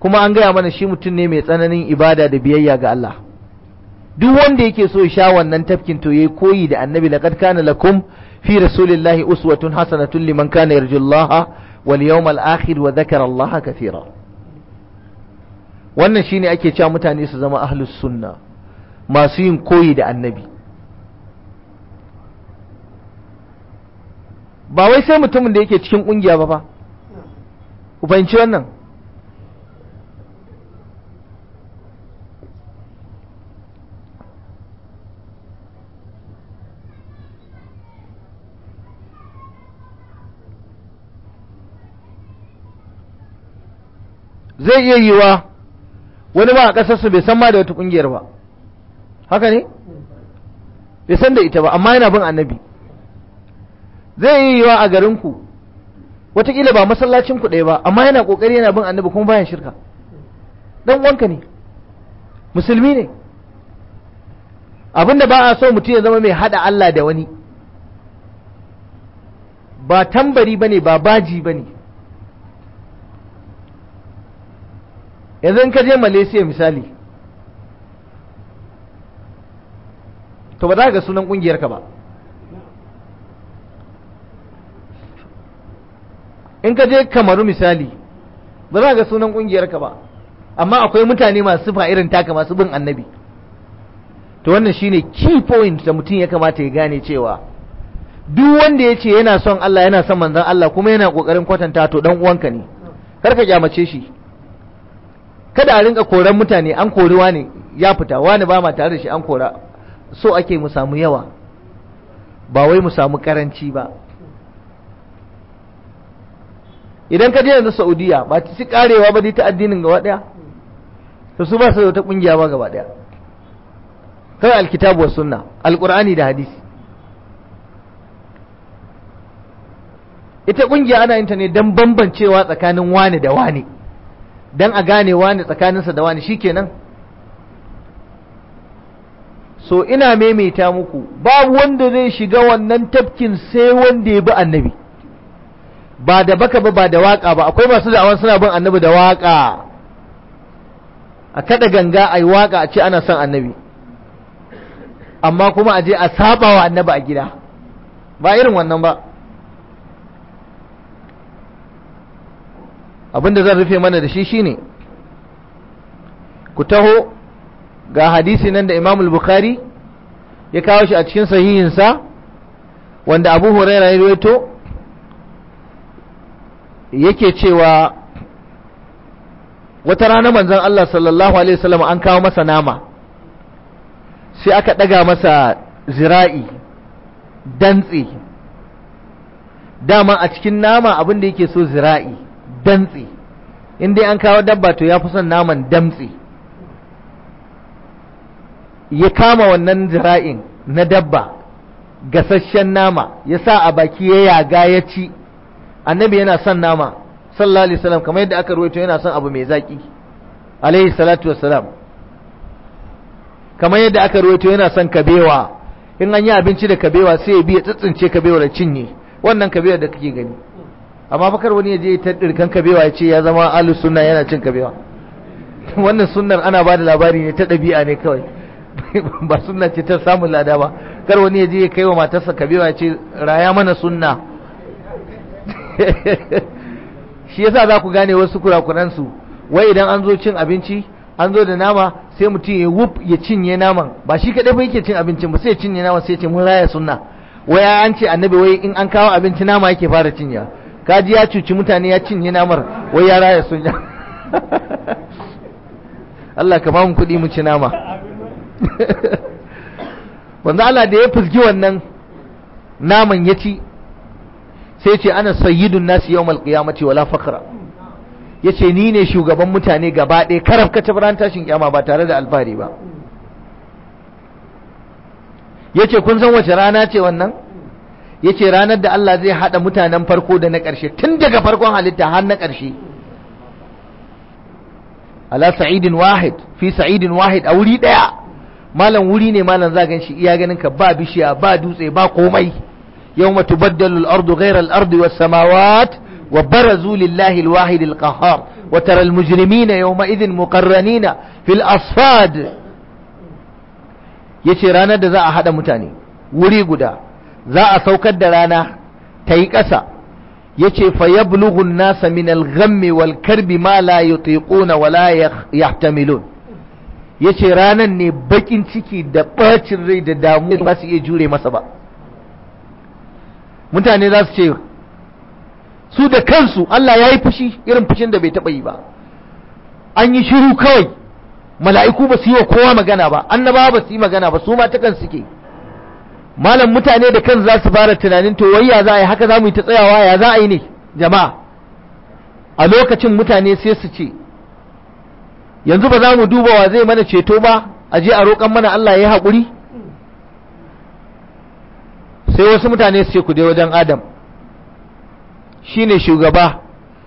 kuma an gaya mana shi mutum ne mai tsananin ibada da biyayya ga Allah duk wanda yake so ya sha wannan tafkin to yayi koyi da annabi laqad kana lakum fi rasulillahi uswatun hasanatu liman kana yarjullaha wal yawmal akhir wa dhakara Allah kathira wannan shine ake cewa mutane su zama ahlus sunna masu yin koyi da annabi ba wai sai mutumin da yake cikin kungiya ba fa ubanci wannan zai iya yiwa wani ba a su bai san ma da wata ƙungiyar ba haka ne bai san da ita ba amma yana bin annabi zai yi yiwa a garinku watakila ba masallacin ku ɗaya ba amma yana ƙoƙari yana bin annabi kuma bayan shirka Ɗan wanka ne musulmi ne abinda ba a so mutum ya zama mai haɗa Allah da wani ba tambari ba ne, ba baji ba ne. yanzu in ka je Malaysia misali to ba za ka ga sunan ƙungiyarka ba in ka je kamaru misali ba za ga sunan ƙungiyarka ba amma akwai mutane masu fa taka masu bin annabi to wannan shine key point da mutum ya kamata ya gane cewa duk wanda ya ce yana son Allah yana son manzan Allah kuma yana kokarin kwatanta to dan uwanka ne kar ka kyamace shi kada a rinka koran mutane an kori wani ya fita wani ba ma tare da shi an kora so ake mu samu yawa ba wai mu samu karanci ba idan ka jiya da saudiya ba ta ci karewa ba dai ta addinin gaba daya to su ba su da wata kungiya ba gaba daya kawai alkitabu wa sunna Alƙur'ani da hadisi ita kungiya ana yin ta ne don bambancewa tsakanin wani da wani don a gane wani tsakaninsa da wani shikenan so ina maimaita muku babu wanda zai shiga wannan tafkin sai wanda ya bi annabi ba da baka ba ba da waka ba akwai masu da'awan suna bin annabi da waka a kada ganga a yi waka a ce ana son annabi amma kuma a je a saba wa annabi a gida ba irin wannan ba abinda zan rufe mana da shi shi ne. ku taho ga hadisi nan da imamul bukhari ya kawo shi a cikin sahihinsa wanda abu huraira ya rawaito yake cewa wata rana manzon Allah sallallahu alaihi wasallam an kawo masa nama sai aka daga masa zira'i dantse dama a cikin nama abin da yake so zira'i dantse in dai an kawo dabba to ya fi son naman damtse ya kama wannan zira'in na dabba gasasshen nama ya sa a baki ya yaga ya ci annabi yana son nama sallallahu alaihi wasallam kamar yadda aka ruwaito yana son abu mai zaki alaihi salatu wassalam kamar yadda aka ruwaito yana son kabewa in an yi abinci da kabewa sai ya biya tsitsince kabewa da cinye wannan kabewa da kake gani amma bakar wani ya je ya ta kan kabewa ya ce ya zama ahlus sunna yana cin kabewa wannan sunnar ana ba da labari ne ta ɗabi'a ne kawai ba sunna ce ta samun lada ba kar wani ya je ya kai wa matarsa kabewa ya ce raya mana sunna shi yasa za ku gane wasu kurakuransu wai idan an zo cin abinci an zo da nama sai mutum ya wuf ya cinye naman ba shi kaɗai ba yake cin abincin ba sai ya cinye naman sai ya ce mun raya sunna waya an ce annabi wai in an kawo abinci nama yake fara cinya kaji ya cuci mutane ya cinye namar wai ya raya sunna Allah ka ba mu kuɗi mu ci nama wanda Allah da ya fusgi wannan naman ya ci sai ce ana sayyidun nasi mal qiyamati wala ya ce ni ne shugaban mutane gaba ɗaya karaf kace ran tashin kyama ba tare da alfahari ba Ya ce kun san wace rana ce wannan ya ce ranar da Allah zai haɗa mutanen farko da na ƙarshe tun daga farkon halitta har na ƙarshe ala sa'idin wahid fi sa'idin wahid a wuri ɗaya malam wuri ne malam za gan shi iya ganin ka ba bishiya ba dutse ba komai يوم تبدل الأرض غير الأرض والسماوات وبرزوا لله الواحد القهار وترى المجرمين يومئذ مقرنين في الأصفاد yace ranar da za a haɗa mutane wuri guda za a saukar da rana ta yi ƙasa yace fa yablughu an-nasa min al-ghammi wal-karbi ma la yutiquna wa la yahtamilun yace ranar ne baƙin ciki da ɓacin rai da damuwa ba su iya jure masa ba mutane za su ce su da kansu Allah ya yi fushi irin fushin da bai taɓa yi ba an yi shiru kawai mala'iku ba su yi wa kowa magana ba annaba ba su yi magana ba su ma ta kan suke malam mutane da kansu za su fara tunanin to wai ya za a yi haka za mu yi ta tsayawa ya za a yi ne jama'a a lokacin mutane sai su ce yanzu ba za mu duba wa zai mana ceto ba a je a roƙan mana Allah ya yi haƙuri sai wasu mutane su ce ku je wajen adam shine shugaba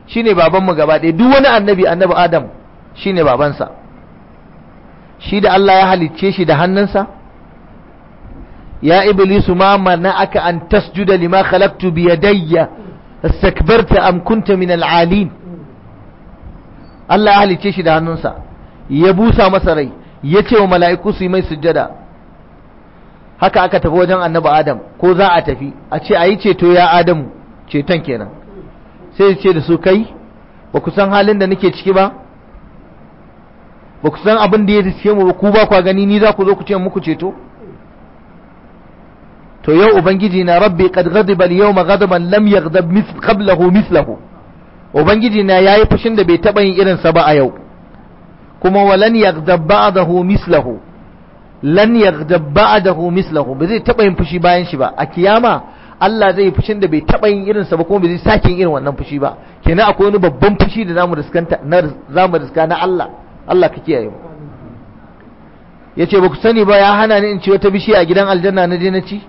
shine babanmu gaba ɗaya duk wani annabi annabi adam shine babansa shi da Allah ya halicce shi da hannunsa ya iblisu ma mana aka an tasjuda lima khalaqtu bi yadayya astakbarta am kunta min al'alin Allah ya halicce shi da hannunsa ya busa masa rai ya ce wa mala'iku su yi mai sujjada haka aka tafi wajen annabi adam ko za a tafi a ce a yi ceto ya adamu ceton kenan sai ce da su kai ba ku san halin da nake ciki ba ba ku san abin da ya ce mu ba ku ba kwa gani ni za ku zo ku ce muku ceto to yau ubangiji na rabbi qad ghadiba al-yawma ghadaban lam yaghdab qablahu mithlahu ubangiji na yayi fushin da bai taba yin irin sa ba a yau kuma walan yaghdab ba'dahu mithlahu lan yaghdab ba'dahu mislahu ba zai taba yin fushi bayan shi ba a kiyama Allah zai fushin da bai taba yin irinsa ba kuma bai zai sake yin irin wannan fushi ba kenan akwai wani babban fushi da zamu riskanta na zamu riska na Allah Allah ka kiyaye mu yace ba ku sani ba ya hana ni in ci wata bishiya a gidan aljanna na je na ci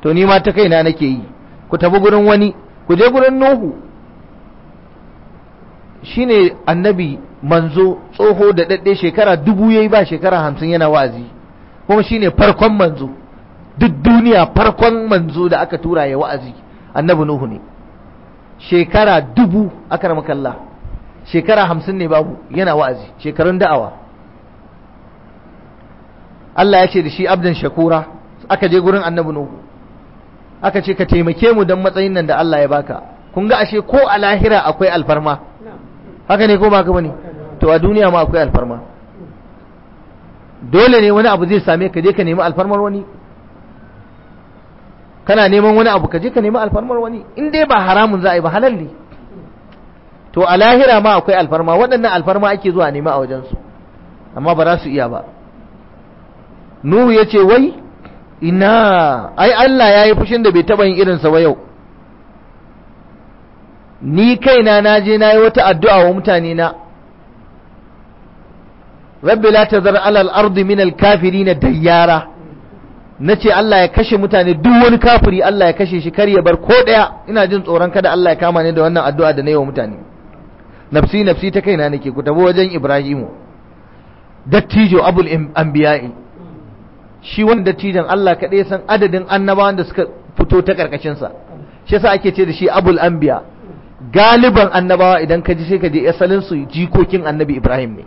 to ni ma ta kaina nake yi ku tafi gurin wani ku je gurin Nuhu shine annabi manzo tsoho da ɗaɗɗe shekara dubu yayi ba shekara hamsin yana wazi kuma shine farkon manzo duk duniya farkon manzo da aka tura ya wa'azi annabi nuhu ne shekara dubu aka makalla shekara hamsin ne babu yana wa'azi shekarun da'awa Allah ya ce da shi abdan shakura aka je gurin annabi nuhu aka ce ka taimake mu don matsayin nan da Allah ya baka kun ga ashe ko a lahira akwai alfarma haka ne ko ba ka bane to a duniya ma akwai alfarma dole ne wani abu zai same ka je ka nemi alfarmar wani kana neman wani abu ka je ka nemi alfarmar wani in dai ba haramun za a yi ba halal ne to a lahira ma akwai alfarma waɗannan alfarma ake zuwa nema a wajensu amma ba za su iya ba nuhu ya ce wai ina ai allah ya yi fushin da bai taɓa yin irinsa ba yau ni kaina na je na yi wata addu'a wa mutane na rabbi la zara alal ardi min al kafirina dayyara nace Allah ya kashe mutane duk wani kafiri Allah ya kashe shi kar ya bar ko daya ina jin tsoron kada Allah ya kama ni da wannan addu'a da na yi wa mutane nafsi nafsi ta kaina nake ku tabo wajen Ibrahimu dattijo abul anbiya'i shi wanda dattijan Allah kaɗai san adadin annabawan da suka fito ta karkashin sa shi yasa ake ce da shi abul anbiya galiban annabawa idan ka ji sai ka je asalin su jikokin annabi Ibrahim ne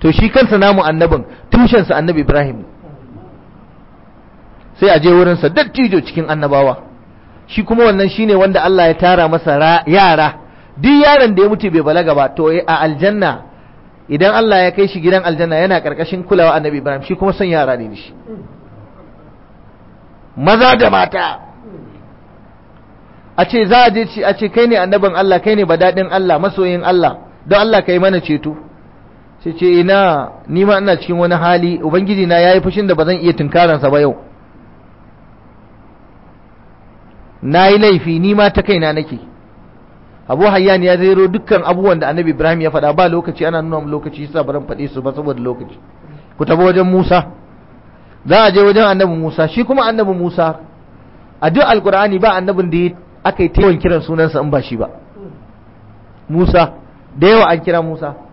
to shi kansa namu annabin tushensa annabi ibrahim sai aje wurin sa dattijo cikin annabawa shi kuma wannan shine wanda Allah ya tara masa yara duk yaron da ya mutu bai balaga ba to a aljanna idan Allah ya kai shi gidan aljanna yana karkashin kulawa annabi ibrahim shi kuma son yara ne shi maza da mata a ce za a je ci a ce kai ne annabin Allah kai ne ba badadin Allah masoyin Allah don Allah kai mana ceto sai ce ina eh, ni ma ina cikin wani hali ubangiji na yayi fushin da ba zan iya sa ba yau na yi laifi ni ma ta kaina nake abu hayyan ya zairo dukkan abubuwan da annabi ibrahim ya faɗa ba lokaci ana nuna mu lokaci sa baran faɗe su ba saboda lokaci ku tabo wajen musa za a je wajen annabi musa shi kuma annabi musa a duk alqur'ani ba annabin da aka yi taiwon kiran sunansa in ba shi ba musa da yawa an kira musa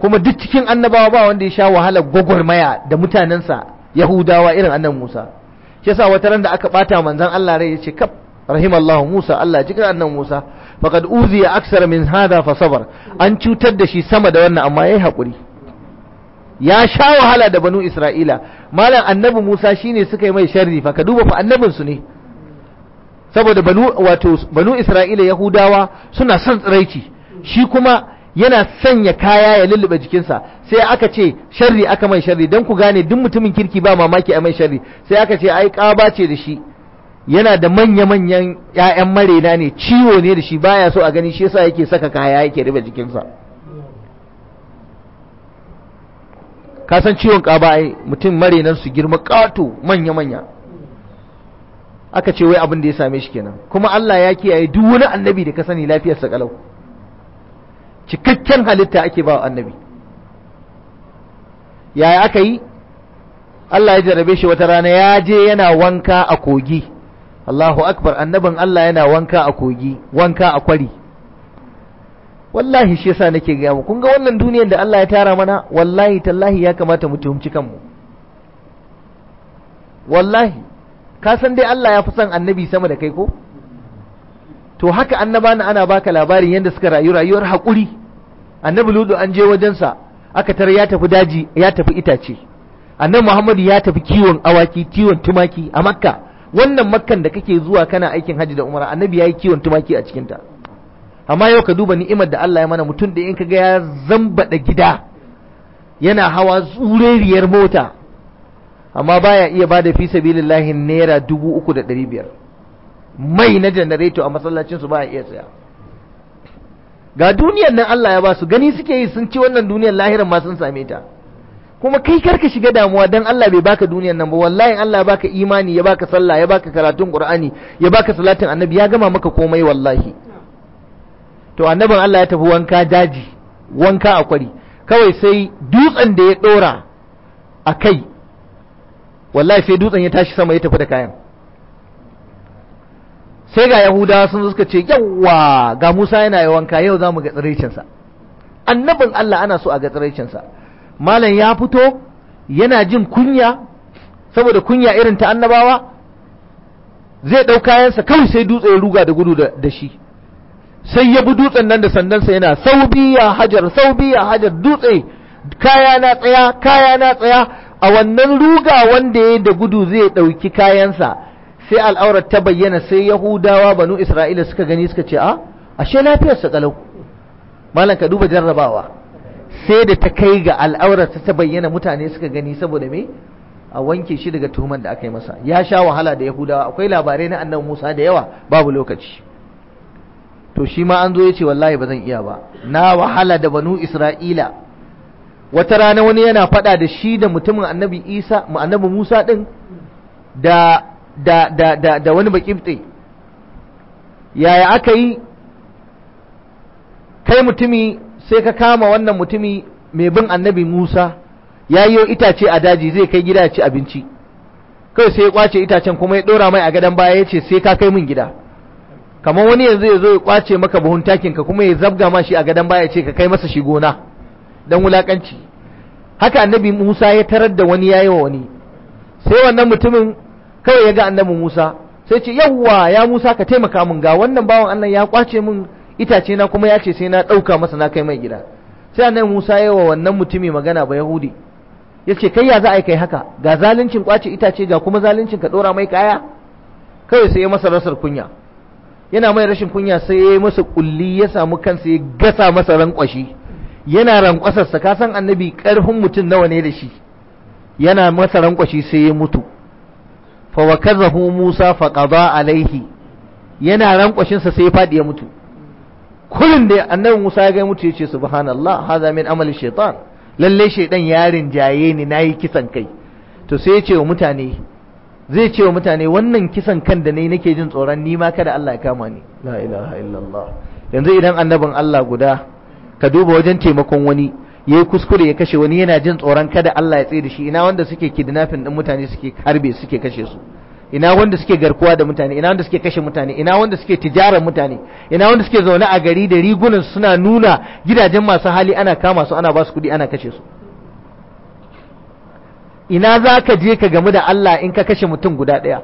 kuma duk cikin annabawa ba wanda ya sha wahalar gwagwarmaya da mutanensa yahudawa irin annan musa shi yasa wata ran da aka bata manzon Allah rai yace kaf rahimallahu musa Allah jikin annan musa faqad uziya aksara min hada fa sabar an cutar da shi sama da wannan amma yayi hakuri ya sha wahala da banu isra'ila malam annabi musa shine suka yi mai sharri fa ka duba fa annabin su ne saboda banu wato banu isra'ila yahudawa suna son tsiraici shi kuma yana sanya kaya ya lullube jikinsa sai aka ce sharri aka mai sharri don ku gane duk mutumin kirki ba mamaki a mai sharri sai aka ce ai ƙaba ce da shi yana da manya-manyan 'ya'yan marena ne ciwo ne da shi baya so a gani shi yasa yake saka kaya yake riba jikinsa ka san ciwon ƙaba ai mutum marenan su girma ƙato manya-manya aka ce wai abin da ya same shi kenan kuma Allah ya kiyaye duk wani annabi da ka sani lafiyarsa kalau cikakken halitta ake ba annabi yaya aka yi Allah ya jarabe shi wata rana ya je yana wanka a kogi Allahu akbar annabin Allah yana wanka a kogi wanka a kwari wallahi shi yasa nake ga mu kun ga wannan duniyar da Allah ya tara mana wallahi tallahi ya kamata mu tuhumci kanmu wallahi ka san dai Allah ya fi son annabi sama da kai ko to haka annabana ana baka labarin yadda suka rayu rayuwar hakuri. annabi ludu an je wajensa aka tara ya tafi daji ya tafi itace annabi muhammadu ya tafi kiwon awaki kiwon tumaki a makka wannan makkan da kake zuwa kana aikin hajji da umara annabi ya yi kiwon tumaki a cikinta amma yau ka duba ni'imar da Allah ya mana mutum da in kaga ya zambaɗa gida yana hawa tsureriyar mota amma baya iya ba bada fi sabilillahi naira dubu uku da ɗari biyar mai na janareto a masallacinsu ba a iya tsaya ga duniyar nan Allah ya ba su gani suke yi sun ci wannan duniyar lahiran ma sun same ta kuma kai karka shiga damuwa dan Allah bai baka duniyar nan ba wallahi Allah ya baka imani ya baka sallah ya baka karatun Qur'ani ya baka salatin annabi ya gama maka komai wallahi to annaban Allah ya tafi wanka daji wanka akwari kawai sai dutsen da ya dora a kai wallahi sai dutsen ya tashi sama ya tafi da kayan sai ga yahudawa sun suka ce yawa ga musa yana yi wanka yau za mu ga tsiraicinsa annabin allah ana so a ga tsiraicinsa malam ya fito yana jin kunya saboda kunya irin ta annabawa zai ɗau kayansa kawai sai dutse ya ruga da gudu da shi sai ya bi dutsen nan da sandansa yana sau biya hajar sau biya hajar dutse kaya na tsaya kaya na tsaya a wannan ruga wanda ya da gudu zai ɗauki kayansa sai al'aurar ta bayyana sai yahudawa banu isra'ila suka gani suka ce a ashe lafiyarsa kalau malam ka duba jarrabawa sai da ta kai ga al'aurar ta bayyana mutane suka gani saboda me a wanke shi daga tuhuman da aka yi masa ya sha wahala da yahudawa akwai labarai na annabi musa da yawa babu lokaci to shi ma an zo ya ce wallahi ba zan iya ba na wahala da banu isra'ila wata rana wani yana faɗa da shi da mutumin annabi isa annabi musa ɗin da da da da da wani bakibte yaya aka yi kai mutumi sai ka kama wannan mutumi mai bin annabi Musa ya yi itace a daji zai kai gida ci abinci kai sai ya kwace itacen kuma ya dora mai a gadon baya ya ce sai ka kai mun gida kamar wani yanzu ya zo ya kwace maka buhun takin ka kuma ya zabga ma shi a gadon baya ya ce ka kai masa shi gona dan wulakanci haka annabi Musa ya tarar da wani yayi wa wani sai wannan mutumin kawai ya ga annabi Musa sai ce yawwa ya Musa ka taimaka mun ga wannan bawan annan ya kwace min itace na kuma ya ce sai na ɗauka masa na kai mai gida sai annabi Musa ya wa wannan mutumi magana ba Yahudi ya ce kai ya za a kai haka ga zaluncin kwace itace ga kuma zaluncin ka ɗora mai kaya kawai sai ya masa rasar kunya yana mai rashin kunya sai ya masa kulli ya samu kansa ya gasa masa rankwashi yana rankwasarsa ka san annabi karfin mutum nawa ne da shi yana masa rankwashi sai ya mutu fa Musa fa qada alaihi yana rankwashin sai faɗi ya mutu kullun da annabi Musa ya ga mutu ya yace subhanallah haza min amali shaitan lalle shaiɗan yarin jaye ne nayi kisan kai to sai ya ce wa mutane zai ce wa mutane wannan kisan kan da nayi nake jin tsoron ni ma kada Allah ya kama ni la ilaha illallah yanzu idan annabin Allah guda ka duba wajen taimakon wani ya yi kuskure ya kashe wani yana jin tsoron kada Allah ya tsaye da shi ina wanda suke kidnapping din mutane suke harbe suke kashe su ina wanda suke garkuwa da mutane ina wanda suke kashe mutane ina wanda suke tijaran mutane ina wanda suke zaune a gari da rigunan suna nuna gidajen masu hali ana kama su ana ba su kuɗi ana kashe su ina za ka je ka gamu da Allah in ka kashe mutum guda ɗaya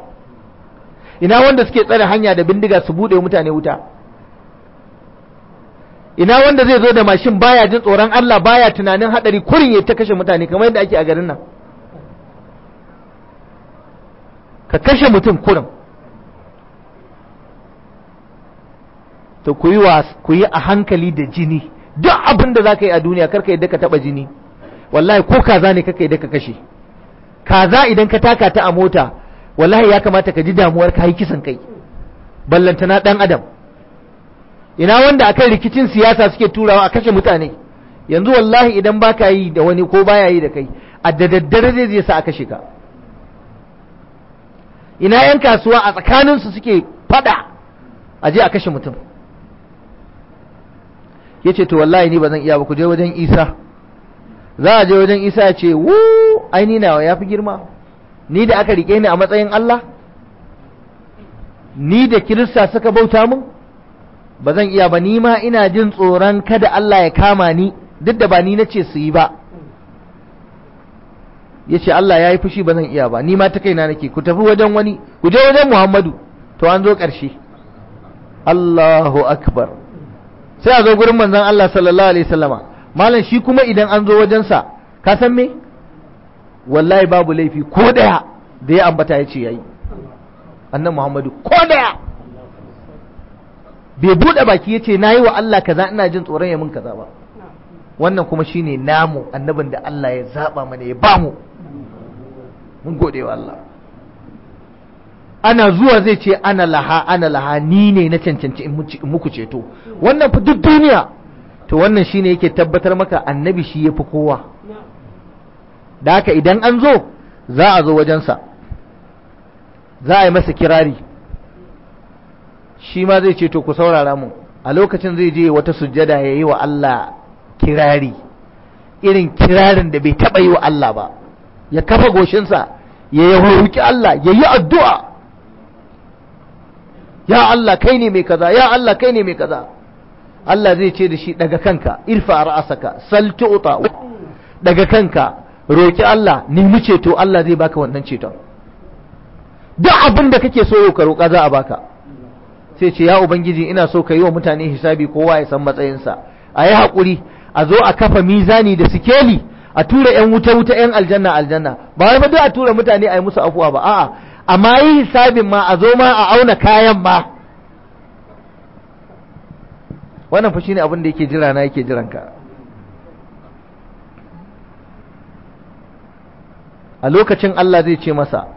ina wanda suke tsare hanya da bindiga su buɗe mutane wuta ina wanda zai zo da mashin baya jin tsoron Allah baya tunanin hadari kurin ya ta kashe mutane kamar yadda ake a garin nan ka kashe mutum kurin to ku yi ku yi a hankali da jini duk abin da zaka yi a duniya karka yadda ka taba jini wallahi ko kaza ne kake yadda ka kashe kaza idan ka taka ta a mota wallahi ya kamata ka ji damuwar ka yi kisan kai ballantana dan adam ina wanda akan rikicin siyasa suke turawa a kashe mutane yanzu wallahi idan baka yi da wani ko baya yi da kai a da daddare zai sa a kashe ka ina yan kasuwa a tsakaninsu suke fada a je a kashe mutum ya ce to wallahi ni ba zan iya ba ku je wajen isa za a je wajen isa ya ce wu aini nawa ya fi girma ni da aka rike ni a matsayin allah ni da kirista suka bauta mun ba zan iya ba ni ma ina jin tsoron kada Allah ya kama ni duk da ba ni nace su yi ba yace Allah ya yi fushi ba zan iya ba ni ma ta kaina nake ku tafi wajen wani ku je wajen Muhammadu to an zo ƙarshe Allahu akbar sai a zo gurin manzon Allah sallallahu alaihi wasallama malam shi kuma idan an zo wajen sa ka san me wallahi babu laifi ko daya da ya ambata yace yayi annan Muhammadu ko daya bai buɗe baki ya ce na yi wa Allah kaza ina jin tsoron ya mun kaza ba wannan kuma shine namu annabin da Allah ya zaba mana ya ba mu mun gode wa Allah ana zuwa zai ce ana laha ana laha ni ne na cancanci in muku ceto wannan fi duk duniya to wannan shine yake tabbatar maka annabi shi ya fi kowa da haka idan an zo za a zo wajensa za a yi masa kirari shi ma zai ce to ku saurara mu a lokacin zai je wata sujjada ya yi wa Allah kirari irin kirarin da bai taba yi wa Allah ba ya kafa goshinsa ya yahuki Allah ya yi addu'a ya Allah kai ne mai kaza ya Allah kai ne mai kaza Allah zai ce da shi daga kanka irfa ra'asaka sal daga kanka roki Allah nemi ceto Allah zai baka wannan ceton duk abin da kake so ka roka za a baka sai ce ya ubangiji ina so ka yi wa mutane hisabi kowa ya san matsayinsa a yi haƙuri a zo a kafa mizani da sikeli a tura 'yan wuta-wuta 'yan aljanna aljanna ba wai ba a tura mutane a yi musu afuwa ba a'a amma yi hisabin ma a zo ma a auna kayan ma wannan fashi ne abin da yake jira na yake jiran ka a lokacin Allah zai ce masa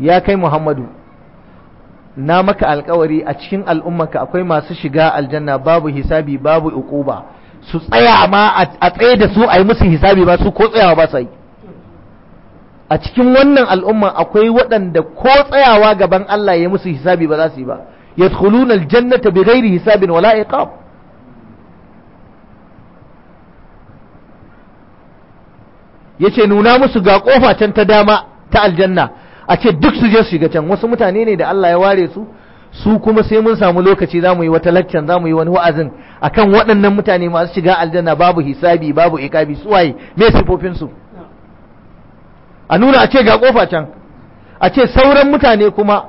ya kai Muhammadu na maka alkawari a cikin al'ummarka akwai masu shiga aljanna babu hisabi babu uquba su tsaya ma a tsaye da su a yi musu hisabi ba su ko tsayawa ba su yi a cikin wannan al'umma akwai waɗanda ko tsayawa gaban Allah ya musu hisabi ba za su yi ba yadkhuluna aljannata bighairi hisabin wala iqab yace nuna musu ga kofa can ta dama ta aljanna a ce duk su je su shiga can wasu mutane ne da Allah ya ware su su kuma sai mun samu lokaci za mu yi wata laccan za mu yi wani wa'azin a kan waɗannan mutane masu shiga aljanna babu hisabi babu ikabi su waye me sifofin su a nuna a ce ga kofa can a ce sauran mutane kuma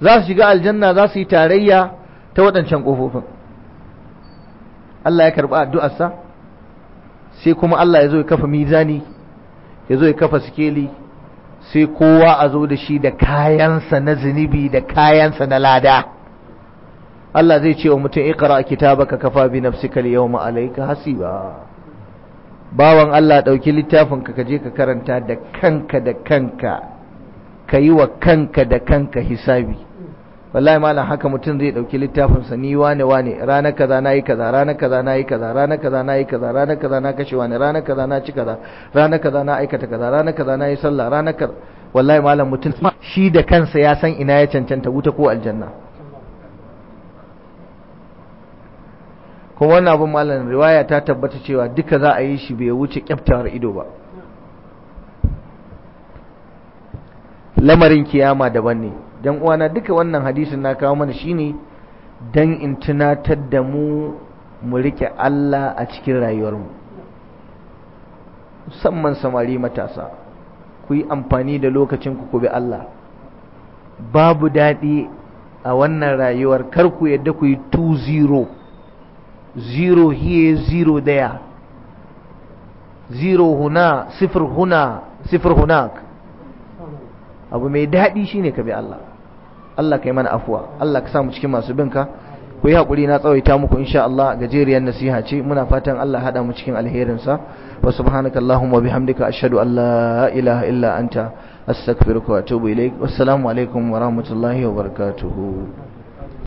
za su shiga aljanna za su yi tarayya ta waɗancan kofofin Allah ya karɓi addu'arsa sai kuma Allah ya zo ya kafa mizani ya zo ya kafa sikeli sai kowa a zo da shi da kayansa na zunubi da kayansa na lada Allah zai ce wa mutum ikra kitabaka kafa bi nafsika al-yawma alayka hasiba bawan Allah ɗauki littafin ka kaje ka karanta da kanka da kanka kayi wa kanka da kanka hisabi wallahi malam haka mutum zai dauki littafin sa ni wane wane ranar kaza nayi kaza ranar kaza nayi kaza ranar kaza nayi kaza ranar kaza na kashe wane ranar kaza na ci kaza ranar kaza na aikata kaza ranar kaza nayi sallah ranar kaza wallahi malam mutum shi da kansa ya san ina ya cancanta wuta ko aljanna kuma wannan abin malam riwaya ta tabbata cewa duka za a yi shi bai wuce kyaftawar ido ba lamarin kiyama daban ne dan uwana duka wannan hadisin na kawo mana shine dan in tunatar da mu mu rike Allah a cikin rayuwarmu musamman samari matasa ku yi amfani da lokacin ku ku bi Allah babu daɗi a wannan rayuwar kar ku yadda ku yi 2-0 zero here zero there zero huna sifir huna sifir hunak abu mai daɗi shine ka bi Allah Allah kai mana afuwa Allah ka samu cikin masu binka ku yi hakuri na tsawaita muku insha Allah gajeriyar nasiha ce muna fatan Allah haɗa mu cikin alherin sa wa subhanaka allahumma bihamdika ashhadu an la ilaha illa anta astaghfiruka wa atubu ilaik wassalamu alaikum wa rahmatullahi wa barakatuhu